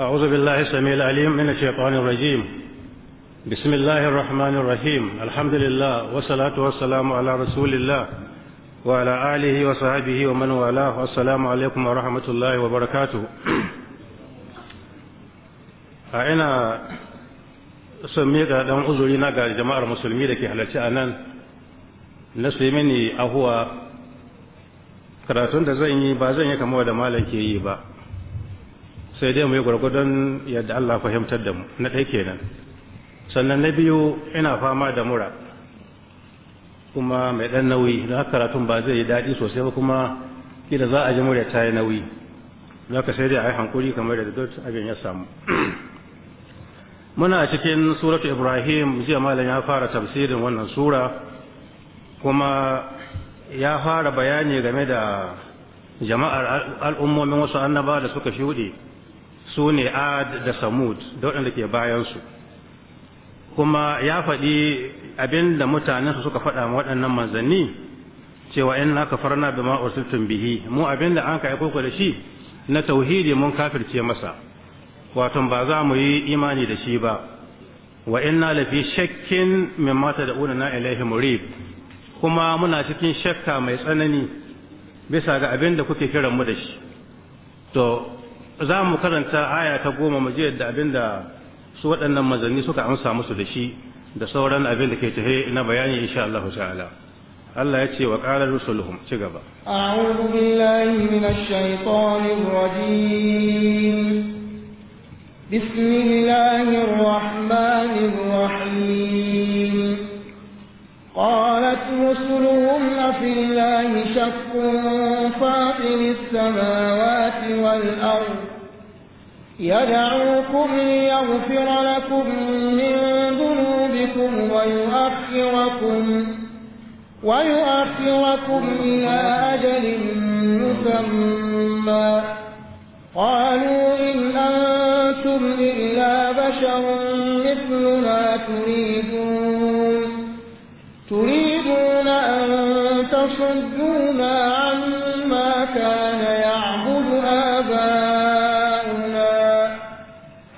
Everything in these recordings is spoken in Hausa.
أعوذ بالله السميع العليم من الشيطان الرجيم بسم الله الرحمن الرحيم الحمد لله والصلاة والسلام على رسول الله وعلى آله وصحبه ومن والاه والسلام عليكم ورحمة الله وبركاته أنا سميت دم أزولي نقا جماعة المسلمين لكي حلتي أنان نسوي مني أهو karatun da zan yi ba zan yi kama da malam ke yi ba sai dai mu yi gwargwadon yadda Allah fahimtar da mu na ɗai kenan sannan na biyu ina fama da mura kuma mai ɗan nauyi don haka karatun ba zai yi daɗi sosai ba kuma kila za a ji murya ta yi nauyi za ka sai dai a yi hankuri kamar da duk abin ya samu muna cikin suratu ibrahim jiya malam ya fara tafsirin wannan sura kuma ya fara bayani game da jama'ar al'ummomin wasu annaba da suka shuɗe su ne ad da samud da waɗanda ke bayansu kuma ya faɗi abinda da mutanensu suka faɗa ma waɗannan manzanni cewa in na farna bi ma ursiltum bihi mu abinda da an ka aiko da shi na tauhidi mun kafirce masa wato ba za mu yi imani da shi ba wa inna shakkin fi mata da tad'una na ilaihi murib kuma muna cikin shakka mai tsanani bisa ga abin da kuke kiran mu da shi to za mu karanta aya ta goma mu je da abinda su waɗannan mazanni suka amsa musu da shi da sauran abin da ke tafe na bayani insha Allah ta'ala Allah ya ce wa qala rusuluhum ci gaba a'udhu billahi minash shaitanir rajim bismillahir rahmanir rahim قالت رسلهم أفي الله شك فاطر السماوات والأرض يدعوكم ليغفر لكم من ذنوبكم ويؤخركم, ويؤخركم إلى أجل مسمى قالوا إن أنتم إلا بشر مثلنا تريدون تريدون أن تصدونا عما كان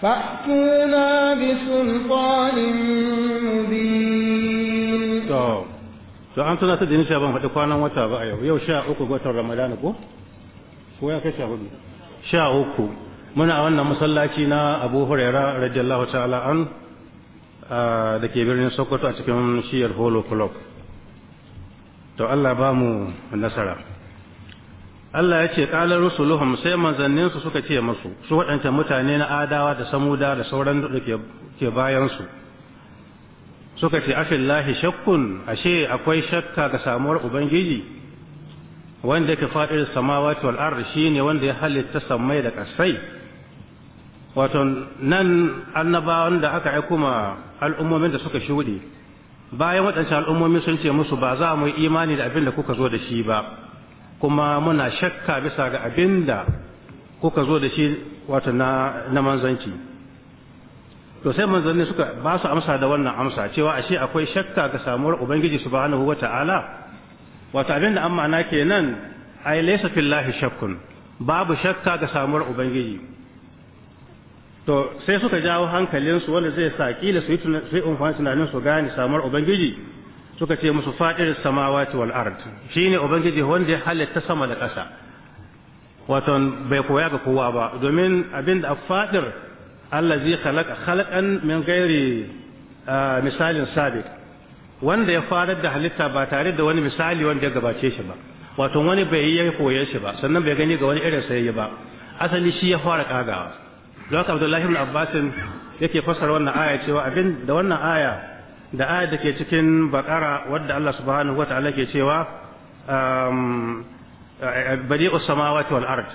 فأتونا بسلطان مبين to an suna ta dinin ban faɗi kwanan wata ba a yau yau sha uku watan ramadan ko ko ya kai sha hudu sha uku muna a wannan masallaci na abu huraira radiyallahu ta'ala an da ke birnin sokoto a cikin shiyar holo club to allah ba mu nasara Allah ya ce ƙalar rusuluhum sai manzanninsu suka ce masu su waɗanta mutane na adawa da samuda da sauran da ke bayansu suka ce afillahi shakkun ashe akwai shakka ga samuwar ubangiji wanda yake faɗin samawati wal shi shine wanda ya halitta sammai da ƙasai wato nan annabawan da aka aiko ma al'ummomin da suka shuɗe bayan waɗancan al'ummomi sun ce musu ba za mu yi imani da abin da kuka zo da shi ba kuma muna shakka bisa ga abin da kuka zo da shi wato na manzanci to sai manzanni suka ba su amsa da wannan amsa cewa ashe akwai shakka ga samuwar ubangiji subhanahu ta'ala wato abin da amma na nan ai laysa fillahi shakkun babu shakka ga samuwar ubangiji to sai suka jawo hankalinsu wanda zai sa kila su yi tunanin su gane samuwar ubangiji suka ce musu fadir samawati wal ard shine ubangiji wanda ya halitta sama da ƙasa wato bai koya ga kowa ba domin abin da Allah allazi khalaqa khalaqan min ghairi misalin sabiq wanda ya farar da halitta ba tare da wani misali wanda ya gabace shi ba wato wani bai yi koye shi ba sannan bai gani ga wani irin yi ba asali shi ya fara kagawa don haka abdullahi ibn abbasin yake fassara wannan aya cewa abin da wannan aya da ayat da ke cikin bakara wadda Allah subhanahu wataala ke cewa um, eh, bade samawati wal ard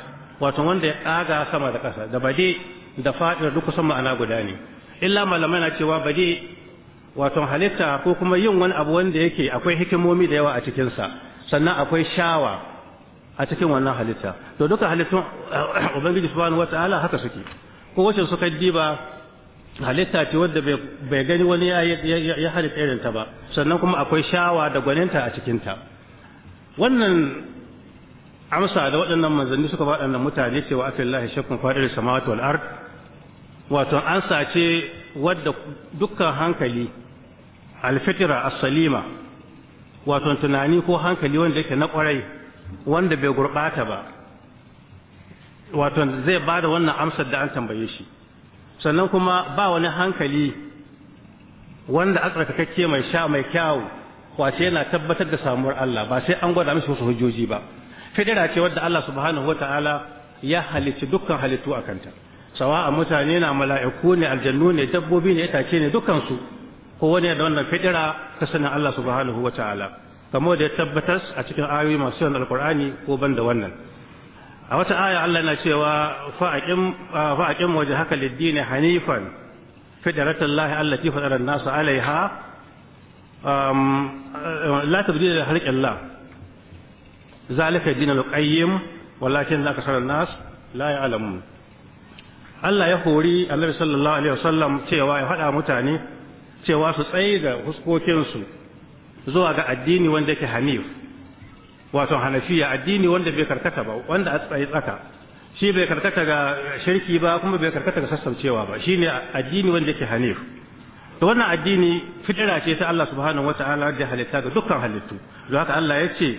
wato wanda ya kaga sama da kasa da bade da fadin duk kusan ma'ana guda ne illa malamai na cewa bade wato halitta ko kuma yin wani abu wanda yake akwai hikimomi da yawa a cikinsa sannan akwai shawa a cikin wannan halitta to duka halittun ubangiji subhanahu wataala haka suke ko wacce suka diba halitta ce wadda bai gani wani ya halitta irinta ba sannan kuma akwai shawa da gwaninta a cikinta wannan amsa da waɗannan manzanni suka ba waɗannan mutane cewa afin lahi shakkun faɗin samawati wal ard wato an ce wadda dukkan hankali alfitira as-salima wato tunani ko hankali wanda yake na kwarai wanda bai gurɓata ba wato zai ba da wannan amsar da an tambaye shi sannan kuma ba wani hankali wanda a tsarkakakke mai sha mai kyawu kwace yana tabbatar da samuwar Allah ba sai an gwada musu wasu hujjoji ba fidira ce wadda Allah subhanahu wataala ya halicci dukkan halittu a kanta Sawa a mutane na mala'iku ne aljannu ne dabbobi ne itace ne dukkan ko wani da wannan fidira ta sanin Allah subhanahu ta'ala kamar da ya tabbatar a cikin ayoyi masu yawan alkur'ani ko ban da wannan a wata aya Allah na cewa fa'aƙin waje haka liddini hanifan fidarattun lahi Allah ki faɗarar nasu alaiha la ta da harƙin la zalika dinar ƙayyim wallakin za ka sarar nasu la alamu Allah ya hori Allah sallallahu alaihi wasallam cewa ya faɗa mutane cewa su tsaye da huskokinsu zuwa ga addini wanda yake hanif wato hanafiya addini wanda bai karkata ba wanda a tsaye tsaka shi bai karkata ga shirki ba kuma bai karkata ga sassaucewa ba shine addini wanda yake hanif to wannan addini fitira ce ta Allah subhanahu wataala da halitta ga dukkan halittu don haka Allah ya ce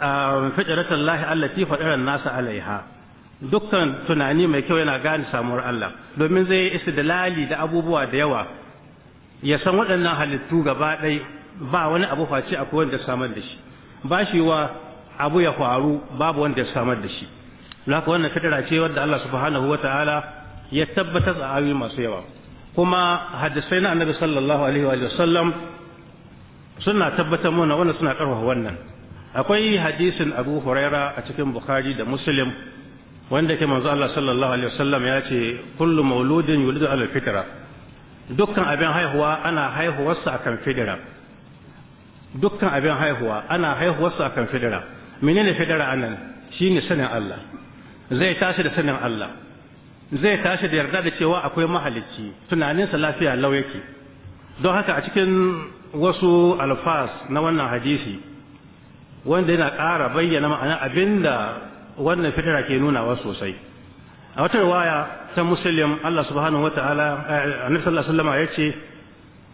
ah, fitratan lahi allati fadaran nasa alaiha dukkan tunani mai kyau yana gane samuwar Allah domin zai yi istidlali da abubuwa da yawa ya san waɗannan halittu gaba ɗaya ba wani abu face akwai wanda samar da shi wa abu ya faru babu wanda ya samar da shi laka wannan fitara ce wadda Allah subhanahu wa ta'ala ya tabbatar a ayoyi masu yawa kuma hadisai na annabi sallallahu alaihi wa sallam suna tabbatar mana wannan suna karfafa wannan akwai hadisin Abu Huraira a cikin Bukhari da Muslim wanda ke manzo Allah sallallahu alaihi sallam ya ce kullu mauludin yulidu ala fitra dukkan abin haihuwa ana haihuwarsa kan fitra dukkan abin haihuwa ana haihuwarsa akan fidira menene fidira anan shine sanin Allah zai tashi da sanin Allah zai tashi da yarda da cewa akwai mahalicci tunaninsa lafiya lau yake don haka a cikin wasu alfas na wannan hadisi wanda yana ƙara bayyana ma'ana abinda wannan fitara ke nunawa sosai a wata waya ta musulun Allah subhanahu wata'ala eh, annabi sallallahu alaihi sallama ya ce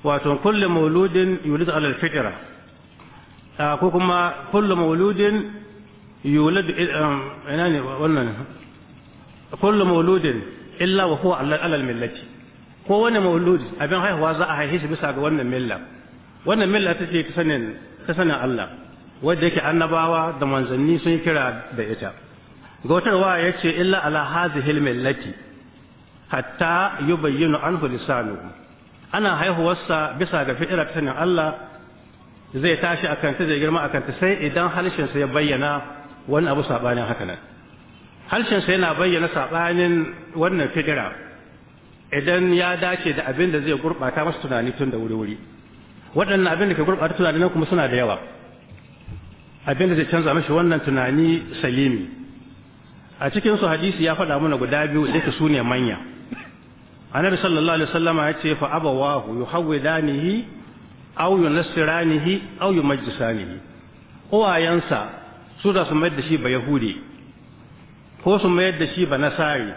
wato kullum mauludin yulidu alal fitara. ko kuma kullu mauludin yulad ina ne wannan kullu mauludin illa wa huwa alal millati ko wani mauludi abin haihuwa za a haife shi bisa ga wannan milla wannan milla ta ce sanin ta sanin Allah wadda yake annabawa da manzanni sun kira da ita gautarwa ya ce illa ala hazihil millati hatta yubayyinu anhu lisanu ana haihuwarsa bisa ga fi'ira ta sanin Allah zai tashi akan ta zai girma akan ta sai idan harshen sa ya bayyana wani abu sabanin haka nan harshen sa yana bayyana sabanin wannan fidira idan ya dace da abin da zai gurbata masa tunani tun da wuri-wuri waɗannan abin da ke gurbata tunani nan kuma suna da yawa abin da zai canza mashi wannan tunani salimi a cikin su hadisi ya faɗa mana guda biyu da su ne manya annabi sallallahu alaihi wasallama ya ce fa abawahu yuhawwidanihi aw nasiranihi aw yumajjisanihi uwayansa su da su mayar da shi ba yahudi ko su mayar da shi ba nasari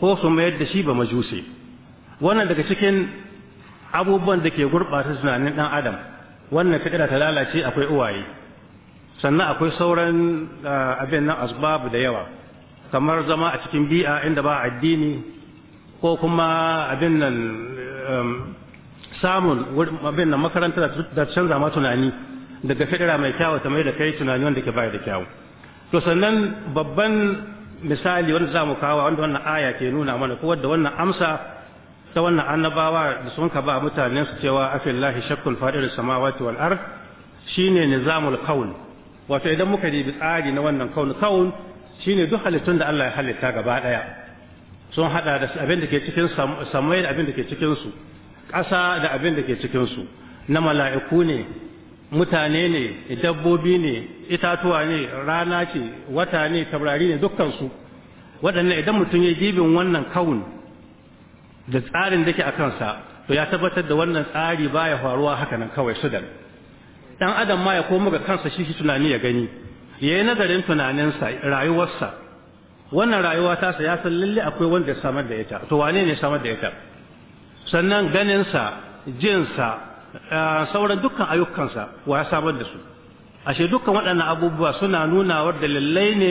ko su mayar da shi ba majusi wannan daga cikin abubuwan da ke gurɓata tunanin ɗan adam wannan fikira ta lalace akwai uwaye sannan akwai sauran ah, abin nan asbabu da yawa kamar zama a cikin bi'a inda ba addini ko kuma abin nan um, samun abin nan makarantar da canza ma tunani daga fidira mai kyawu ta mai da kai tunani wanda ke bayar da kyawu to sannan babban misali wanda za mu kawo wanda wannan aya ke nuna mana ko wadda wannan amsa ta wannan annabawa da sun ka ba mutanen su cewa afillahi shakkun fadir samawati wal ard shine nizamul qawl wato idan muka dibi tsari na wannan kaun kaun shine duk halittun da Allah ya halitta gaba daya sun hada da abin da ke cikin samai da abin da ke cikin su ƙasa da abin da ke cikinsu na mala'iku ne mutane ne dabbobi ne itatuwa ne rana ce wata ne taurari ne dukkansu waɗannan idan mutum ya jibin wannan kawun da tsarin da ke a kansa to ya tabbatar da wannan tsari ba ya faruwa haka nan kawai su dan adam ma ya komo ga kansa shi shi tunani ya gani ya yi nazarin tunaninsa rayuwarsa wannan rayuwa tasa ya san lalle akwai wanda ya samar da ita to wane ne samar da ita sannan ganinsa jinsa eh, sauran dukkan ayyukansa wa ya samar da su ashe dukkan waɗannan abubuwa suna nuna da lallai ne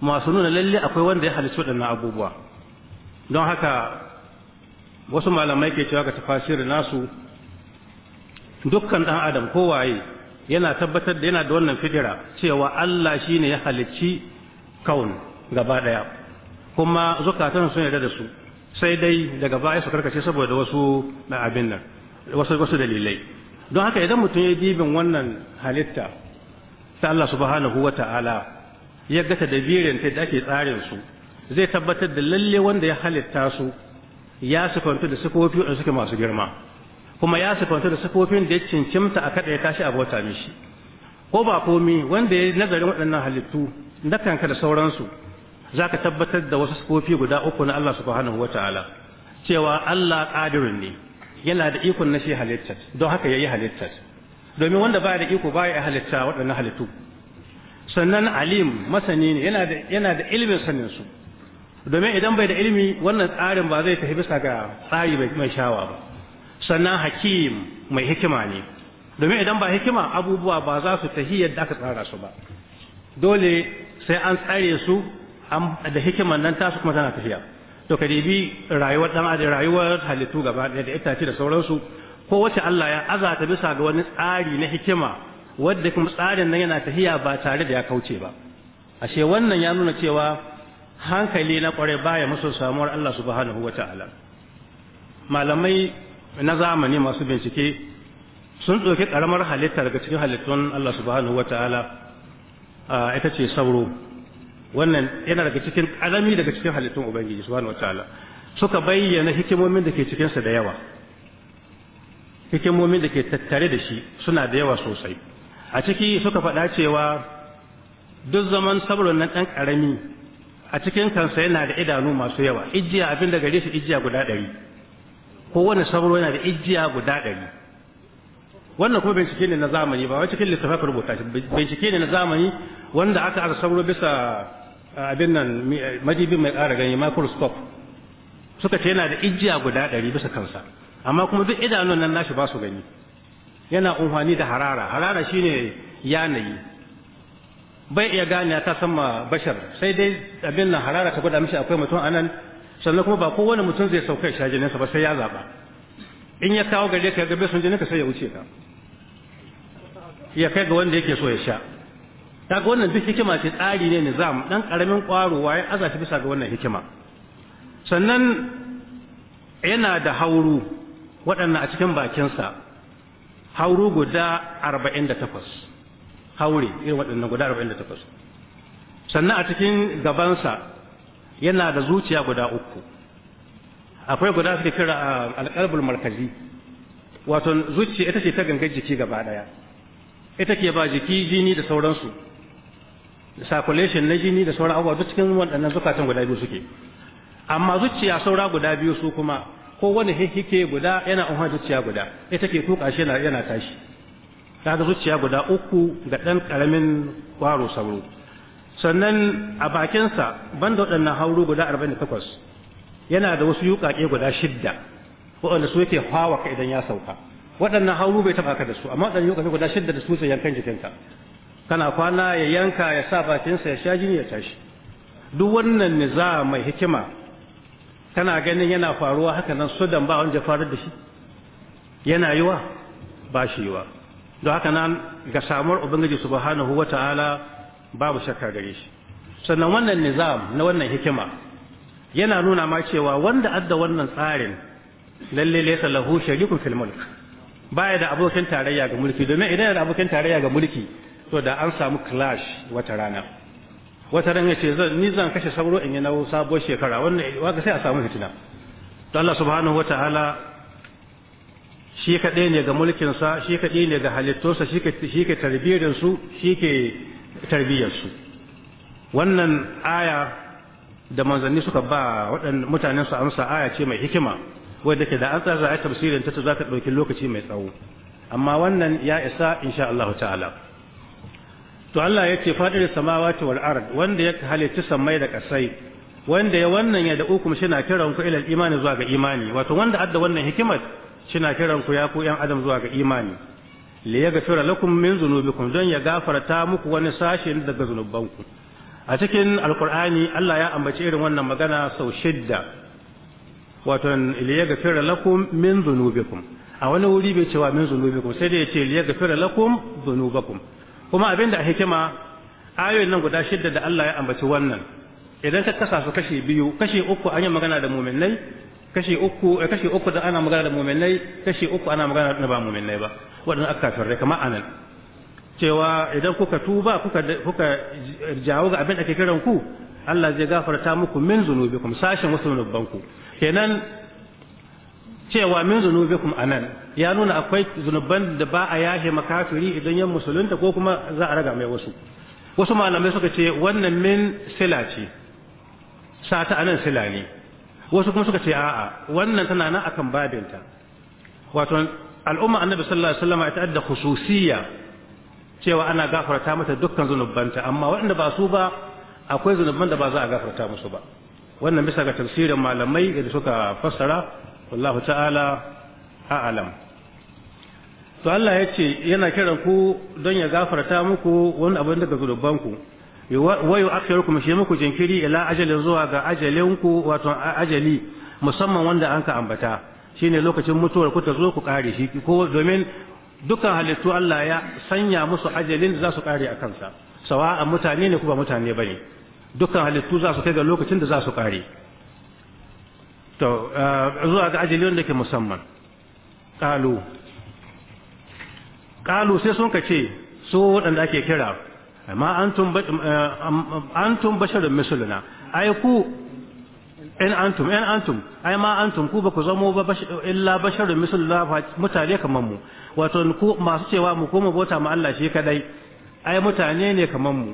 masu nuna lallai akwai wanda ya halicci waɗannan abubuwa don haka wasu malamai ke cewa ga tafasirin nasu dukkan ɗan adam kowaye yana tabbatar da yana da wannan fidira cewa Allah shine ya halicci kaun gaba ɗaya kuma zukatan sun yarda da su sai dai daga baya su karkace saboda wasu na abin nan wasu wasu dalilai don haka idan mutum ya dibin wannan halitta ta Allah subhanahu wa ta'ala ya ga dabirin ta da ake tsarin su zai tabbatar da lalle wanda ya halitta su ya sifantu da sifofi da suke masu girma kuma ya sifantu da sifofin da ya cincimta a kada ya tashi abota mishi ko ba komi wanda ya nazarin waɗannan halittu na kanka da sauransu zaka tabbatar da wasu sifofi guda uku na Allah subhanahu wataala cewa Allah qadirun ne yana da ikon na shi halittar don haka yayi halittar domin wanda baya da iko baya halitta waɗannan halittu sannan alim masani ne yana da yana da ilimin sanin su domin idan bai da ilimi wannan tsarin ba zai tafi bisa ga tsari mai shawa ba sannan hakim mai hikima ne domin idan ba hikima abubuwa ba za su tafi yadda aka tsara su ba dole sai an tsare su da hikimar nan tasu kuma tana tafiya to ka dibi rayuwar dan adam rayuwar halittu gaba da itace da sauransu ko wace Allah ya azata bisa ga wani tsari na hikima wanda kuma tsarin nan yana tafiya ba tare da ya kauce ba ashe wannan ya nuna cewa hankali na kware baya musu samuwar Allah subhanahu wataala malamai na zamani masu bincike sun ɗauki ƙaramar halitta daga cikin halittun Allah subhanahu wataala ita ce sauro wannan yana daga cikin alami daga cikin halittun ubangiji subhanahu wataala suka bayyana hikimomin da ke cikinsa da yawa hikimomin da ke tattare da shi suna da yawa sosai a ciki suka faɗa cewa duk zaman sabrun nan ɗan ƙarami a cikin kansa yana da idanu masu yawa ijiya abin da gare shi ijiya guda ɗari kowane sabro yana da ijiya guda ɗari wannan kuma bincike ne na zamani ba wai cikin littafin rubuta shi bincike ne na zamani wanda aka aka sabro bisa Ah, abin nan madibin mai ƙara ganye microscope suka ce yana da ijiya guda ɗari bisa kansa amma kuma duk idanun nan nashi ba su gani yana umfani da harara harara shine yanayi bai iya gane ta sama bashar sai dai abin nan harara ta gwada mishi akwai mutum anan sannan kuma ba kowane mutum zai sauka ya shajininsa ba sai ya zaɓa in ya kawo gare ka ya gabe sun ka sai ya wuce ka ya kai ga wanda yake so ya sha kaga wannan duk hikima ce tsari ne nizam dan karamin kwaro waye aza shi bisa ga wannan hikima sannan yana da hauru waɗannan a cikin bakinsa hauru guda 48 haure irin waɗannan guda 48 sannan a cikin gabansa yana da zuciya guda uku akwai guda suke kira alƙalbul markazi wato zuciya ita ce ta gangar jiki gaba ɗaya ita ke ba jiki jini da sauransu circulation na jini da sauran abubuwa duk cikin waɗannan zukatan guda biyu suke amma zuciya saura guda biyu su kuma ko wani hihike guda yana umar zuciya guda ita ke tuka shi yana tashi ta zuciya guda uku ga ɗan ƙaramin kwaro sauro sannan a bakinsa ban da waɗannan hauru guda arba'in da takwas yana da wasu yuƙaƙe guda shidda waɗanda su yake hawa ka idan ya sauka waɗannan hauru bai taɓa ka da su amma waɗannan yuƙaƙe guda shidda da su sai yankan jikinka kana kwana ya yanka ya sa bakinsa ya sha jini ya tashi duk wannan niza mai hikima kana ganin yana faruwa haka nan sudan ba wanda faru da shi yana yiwa ba shi yiwa don haka nan ga samuwar ubangiji subhanahu ta'ala babu shakka gare shi sannan wannan nizam na wannan hikima yana nuna ma cewa wanda adda wannan tsarin lalle laysa lahu sharikun fil mulk baya da abokin tarayya ga mulki domin idan yana da abokin tarayya ga mulki to da an samu clash wata rana wata ran yace zan ni zan kashe sauro in yi na sabuwar shekara wannan waka sai a samu fitina to Allah subhanahu wataala shi kaɗai ne ga mulkin sa shi kaɗai ne ga halittosa shi ke shi tarbiyyar su shi ke tarbiyyar wannan aya da manzanni suka ba waɗannan mutanen su amsa aya ce mai hikima wadda ke da an tsara a tafsirin ta za ka ɗauki lokaci mai tsawo amma wannan ya isa insha Allah ta'ala to Allah ya ce fadir samawati wal ard wanda ya halitta samai da kasai wanda ya wannan ya da uku shina kiran ku ila imani zuwa ga imani wato wanda adda wannan hikimar shina kiran ku ya ku yan adam zuwa ga imani li yaghfira lakum min dhunubikum don ya gafarta muku wani sashi daga zunubanku a cikin alqur'ani Allah ya ambaci irin wannan magana sau shidda wato li yaghfira lakum min dhunubikum a wani wuri bai cewa min dhunubikum sai dai ya ce li yaghfira lakum dhunubakum kuma abin da a hikima ayoyin nan guda shidda da Allah ya ambaci wannan idan ka kasa su kashi biyu kashi uku an yi magana da muminai kashi uku eh, kashi uku da ana magana da muminai kashi uku ana magana da ba muminai ba waɗannan aka kafirai kamar anan cewa idan kuka tuba kuka kuka jawo ga abin da ke kiran ku Allah zai gafarta muku min zunubikum sashin wasu zunubanku kenan cewa min zunubikum anan ya nuna akwai zunuban da ba a yashe makafiri idan yan musulunta ko kuma za a raga mai wasu wasu malamai suka ce wannan min sila ce sata anan sila ne wasu kuma suka ce a'a wannan tana nan akan babinta wato al'umma annabi sallallahu alaihi wasallam ita da khususiyya cewa ana gafarta mata dukkan zunubanta amma waɗanda ba su ba akwai zunuban da ba za a gafarta musu ba wannan bisa ga tafsirin malamai da suka fassara wallahu ta'ala a'lam to Allah ya ce yana kiran ku don ya gafarta muku wani abin daga zunubanku wa yu'akhirukum shi muku jinkiri ila ajalin zuwa ga ajalin ku wato ajali musamman wanda an ka ambata shine lokacin mutuwar ku ta zo ku kare shi ko domin dukkan halittu Allah ya sanya musu ajalin da za su kare a kansa sawa mutane ne ku ba mutane bane dukkan halittu za su kai ga lokacin da za su kare to eh, zuwa ga ajali wanda ke musamman ƙalu ƙalu sai sun ka ce su waɗanda ake kira amma an tun eh, basharin misulina ai ku in antum in antum ai ma antum ku ba ku zamo ba illa basharun misulina mutane kamar mu wato ku masu cewa mu koma bota ma Allah shi kadai ai mutane ne kamar mu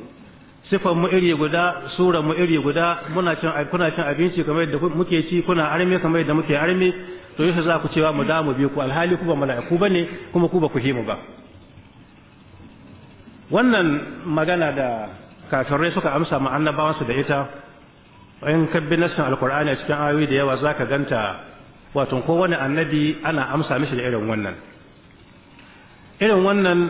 sifan mu iri guda suran mu iri guda muna cin kuna cin abinci kamar yadda muke ci kuna arme kamar yadda muke arme to yasa za ku cewa mu da mu bi ku alhali ku ba mala'iku bane kuma ku ba ku himu ba wannan magana da kafirai suka amsa ma annabawansu da ita in kabbi nasin alkur'ani cikin ayoyi da yawa zaka ganta wato ko wani annabi ana amsa mishi da irin wannan irin wannan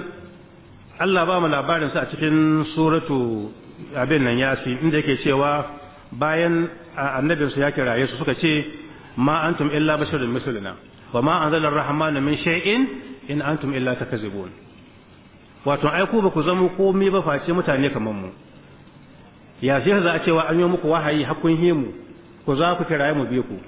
Allah ba mu labarin sa a cikin suratu abin nan yasin inda yake cewa bayan annabinsu ya kiraye su suka ce ma antum illa basharun misluna wa ma an ar rahamanu min shay'in in antum illa takzibun wato ai ku ba ku zama komi ba face mutane kamar mu ya sai za a cewa an yi muku wahayi hakkun himu ku za ku kiraye mu bi ku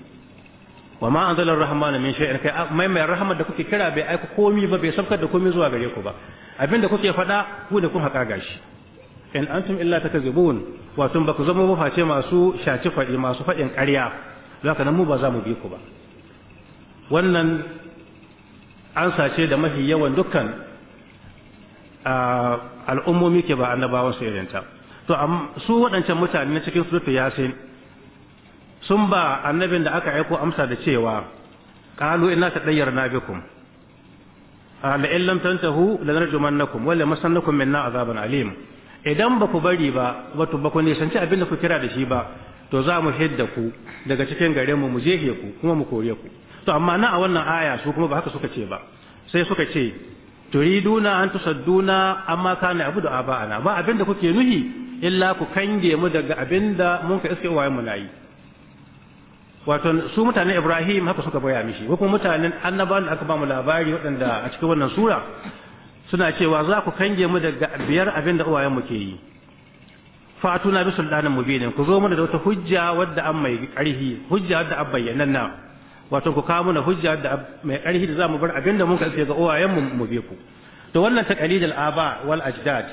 wa ma an ar rahamanu min shay'in kai mai mai rahmat da kuke kira bai aika komi ba bai sabkar da komi zuwa gare ku ba abinda kuke faɗa ku da kun haƙa gashi in antum illa takazibun wato ba ku zama ba face masu shaci faɗi masu faɗin ƙarya zaka nan mu ba za mu bi ku ba wannan an sace da mafi yawan dukkan al'ummomi ke ba annabawan su irinta to su waɗancan mutane na cikin ya yasin sun ba annabin da aka aiko amsa da cewa qalu inna tadayyarna bikum la illam tantahu lanarjumannakum wa la masannakum minna azaban alim idan ba ku bari ba wato ba ku nisanci abin da ku kira da shi ba to za mu hidda ku daga cikin gare mu mu jefe ku kuma mu kore ku to amma na a wannan aya su kuma ba haka suka ce ba sai suka ce turiduna an tusadduna amma kana abudu aba'ana ba abin kuke nuhi illa ku kange mu daga abin da mun ka iske waye mu nayi wato su mutanen Ibrahim haka suka baya mishi ko kuma mutanen annabawan da aka ba mu labari waɗanda a cikin wannan sura suna cewa za ku kange mu daga biyar abin da uwayen ke yi fatuna bi sultanin mubinin ku zo mana da wata hujja wadda an mai ƙarfi hujja wadda an bayyana na wato ku kawo mana hujja wadda mai ƙarfi da za mu bar abin da mun karfe ga uwayenmu mu mu bi ku to wannan taqlidul aba wal ajdad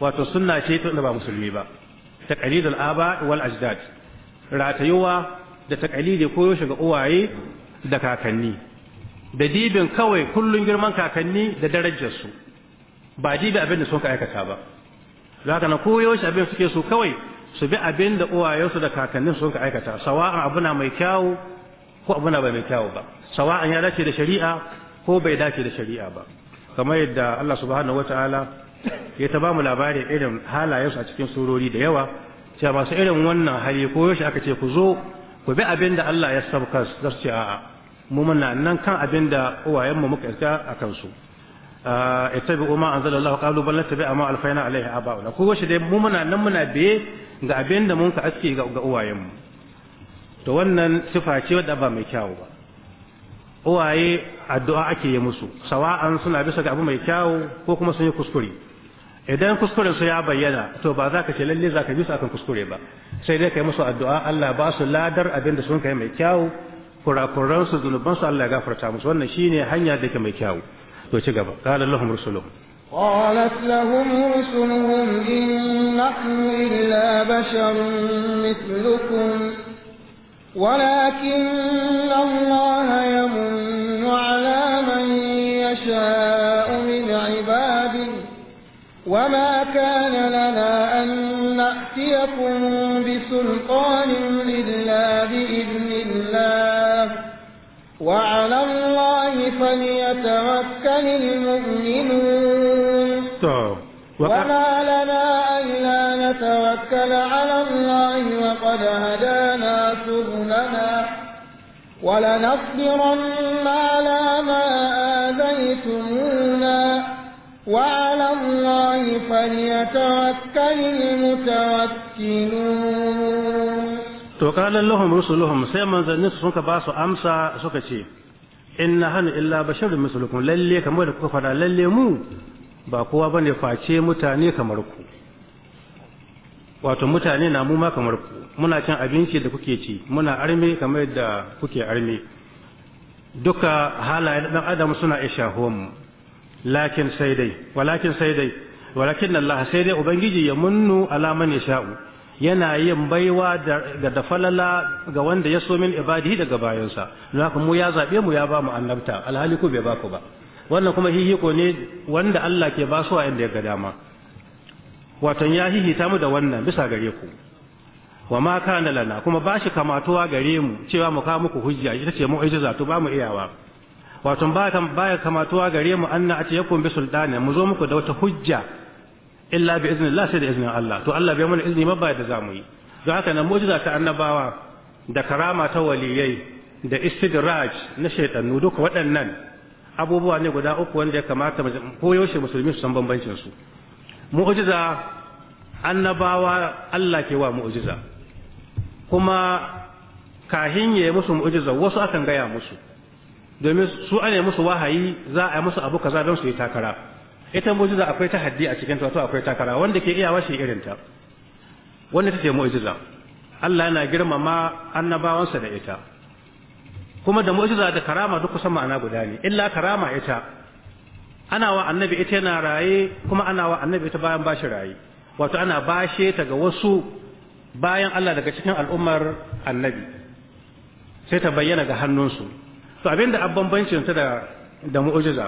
wato suna ce ta ba musulmi ba ta taqlidul aba wal ajdad ratayuwa da taqlidi koyo shiga uwaye da kakanni da dibin kawai kullun girman kakanni da darajarsu ba dibi abin da sun ka aikata ba za ka na koyo shi abin suke so kawai su bi abin da uwayensu da kakannin sun ka aikata sawa'an abuna mai kyawu ko abuna bai mai kyawu ba sawa'an ya dace da shari'a ko bai dace da shari'a ba kamar yadda Allah subhanahu wataala ya ta bamu labari irin halayensu a cikin surori da yawa cewa masu irin wannan hali ko yaushe aka ce ku zo ku bi abin da Allah ya sabkas za su ce a'a mu muna nan kan abin da uwayenmu muka iska a kansu an ah, ma anzalallahu qalu bal tabi amma alfaina alaihi aba'una ko wace dai mu muna nan muna biye ga abin da mun ka aske ga uwayenmu to wannan sifa ce wadda ba mai kyawu ba uwaye addu'a ake yi musu sawa'an suna bisa ga abu mai kyawu ko kuma sun yi kuskure idan kuskuren su ya bayyana to ba za ka ce lalle za ka bi su akan kuskure ba sai dai ka yi musu addu'a Allah ba su ladar abin da sun kai mai kyawu قال لهم رسلهم قالت لهم رسلهم إن نحن إلا بشر مثلكم ولكن الله يمن على من يشاء من عباده وما كان لنا أن نأتيكم بسلطان إلا بإذن وعلى الله فليتوكل المؤمنون طب. وما لنا ألا نتوكل على الله وقد هدانا سبلنا ولنصبرن على ما آذيتمونا وعلى الله فليتوكل المتوكلون to kanan lahum rusuluhum sai manzanni su suka ba su amsa suka ce inna hanu illa basharun mislukum lalle kamar da kuka fada lalle mu ba kowa bane face mutane kamar ku wato mutane na mu ma kamar ku muna cin abinci da kuke ci muna arme kamar yadda kuke arme duka halaye da dan adam suna isha lakin sai dai walakin sai dai walakin Allah sai dai ubangiji ya munnu ala man yasha'u yana yin baiwa ga da falala ga wanda ya so min ibadihi daga bayansa na mu ya zabe mu ya ba mu annabta alhali ku bai ba ku ba wannan kuma hihiko ne wanda Allah ke ba su a inda ya ga dama watan ya hihita mu da wannan bisa gare ku wa ma kana lana kuma ba shi kamatuwa gare mu cewa mu kawo muku hujja ita ce mu mu'jiza to ba mu iyawa watan ba baya kamatuwa gare mu anna a ce bi sultana mu zo muku da wata hujja illa bi Allah sai da izinin Allah to Allah bai mana izini ba da zamu yi don haka nan mu'jiza ta annabawa da karama ta waliyai da istidraj na shaytanu duka waɗannan abubuwa ne guda uku wanda ya kamata ko yaushe musulmi su san bambancin su mu'jiza annabawa Allah ke wa mu'jiza kuma kahin ya musu mu'jiza wasu akan gaya musu domin su ane musu wahayi za a yi musu abu kaza don su yi takara ita mu'jiza akwai ta haddi a cikin ta wato akwai takara wanda ke iyawa shi irin ta wanda ta mu'jiza Allah yana girmama annabawansa da ita kuma da mu'jiza da karama duk kusan ma'ana guda ne illa karama ita ana wa annabi ita yana raye kuma ana wa annabi ita bayan bashi raye wato ana bashe ta ga wasu bayan Allah daga cikin al'ummar annabi sai ta bayyana ga hannunsu to abinda abban bancin ta da da mu'jiza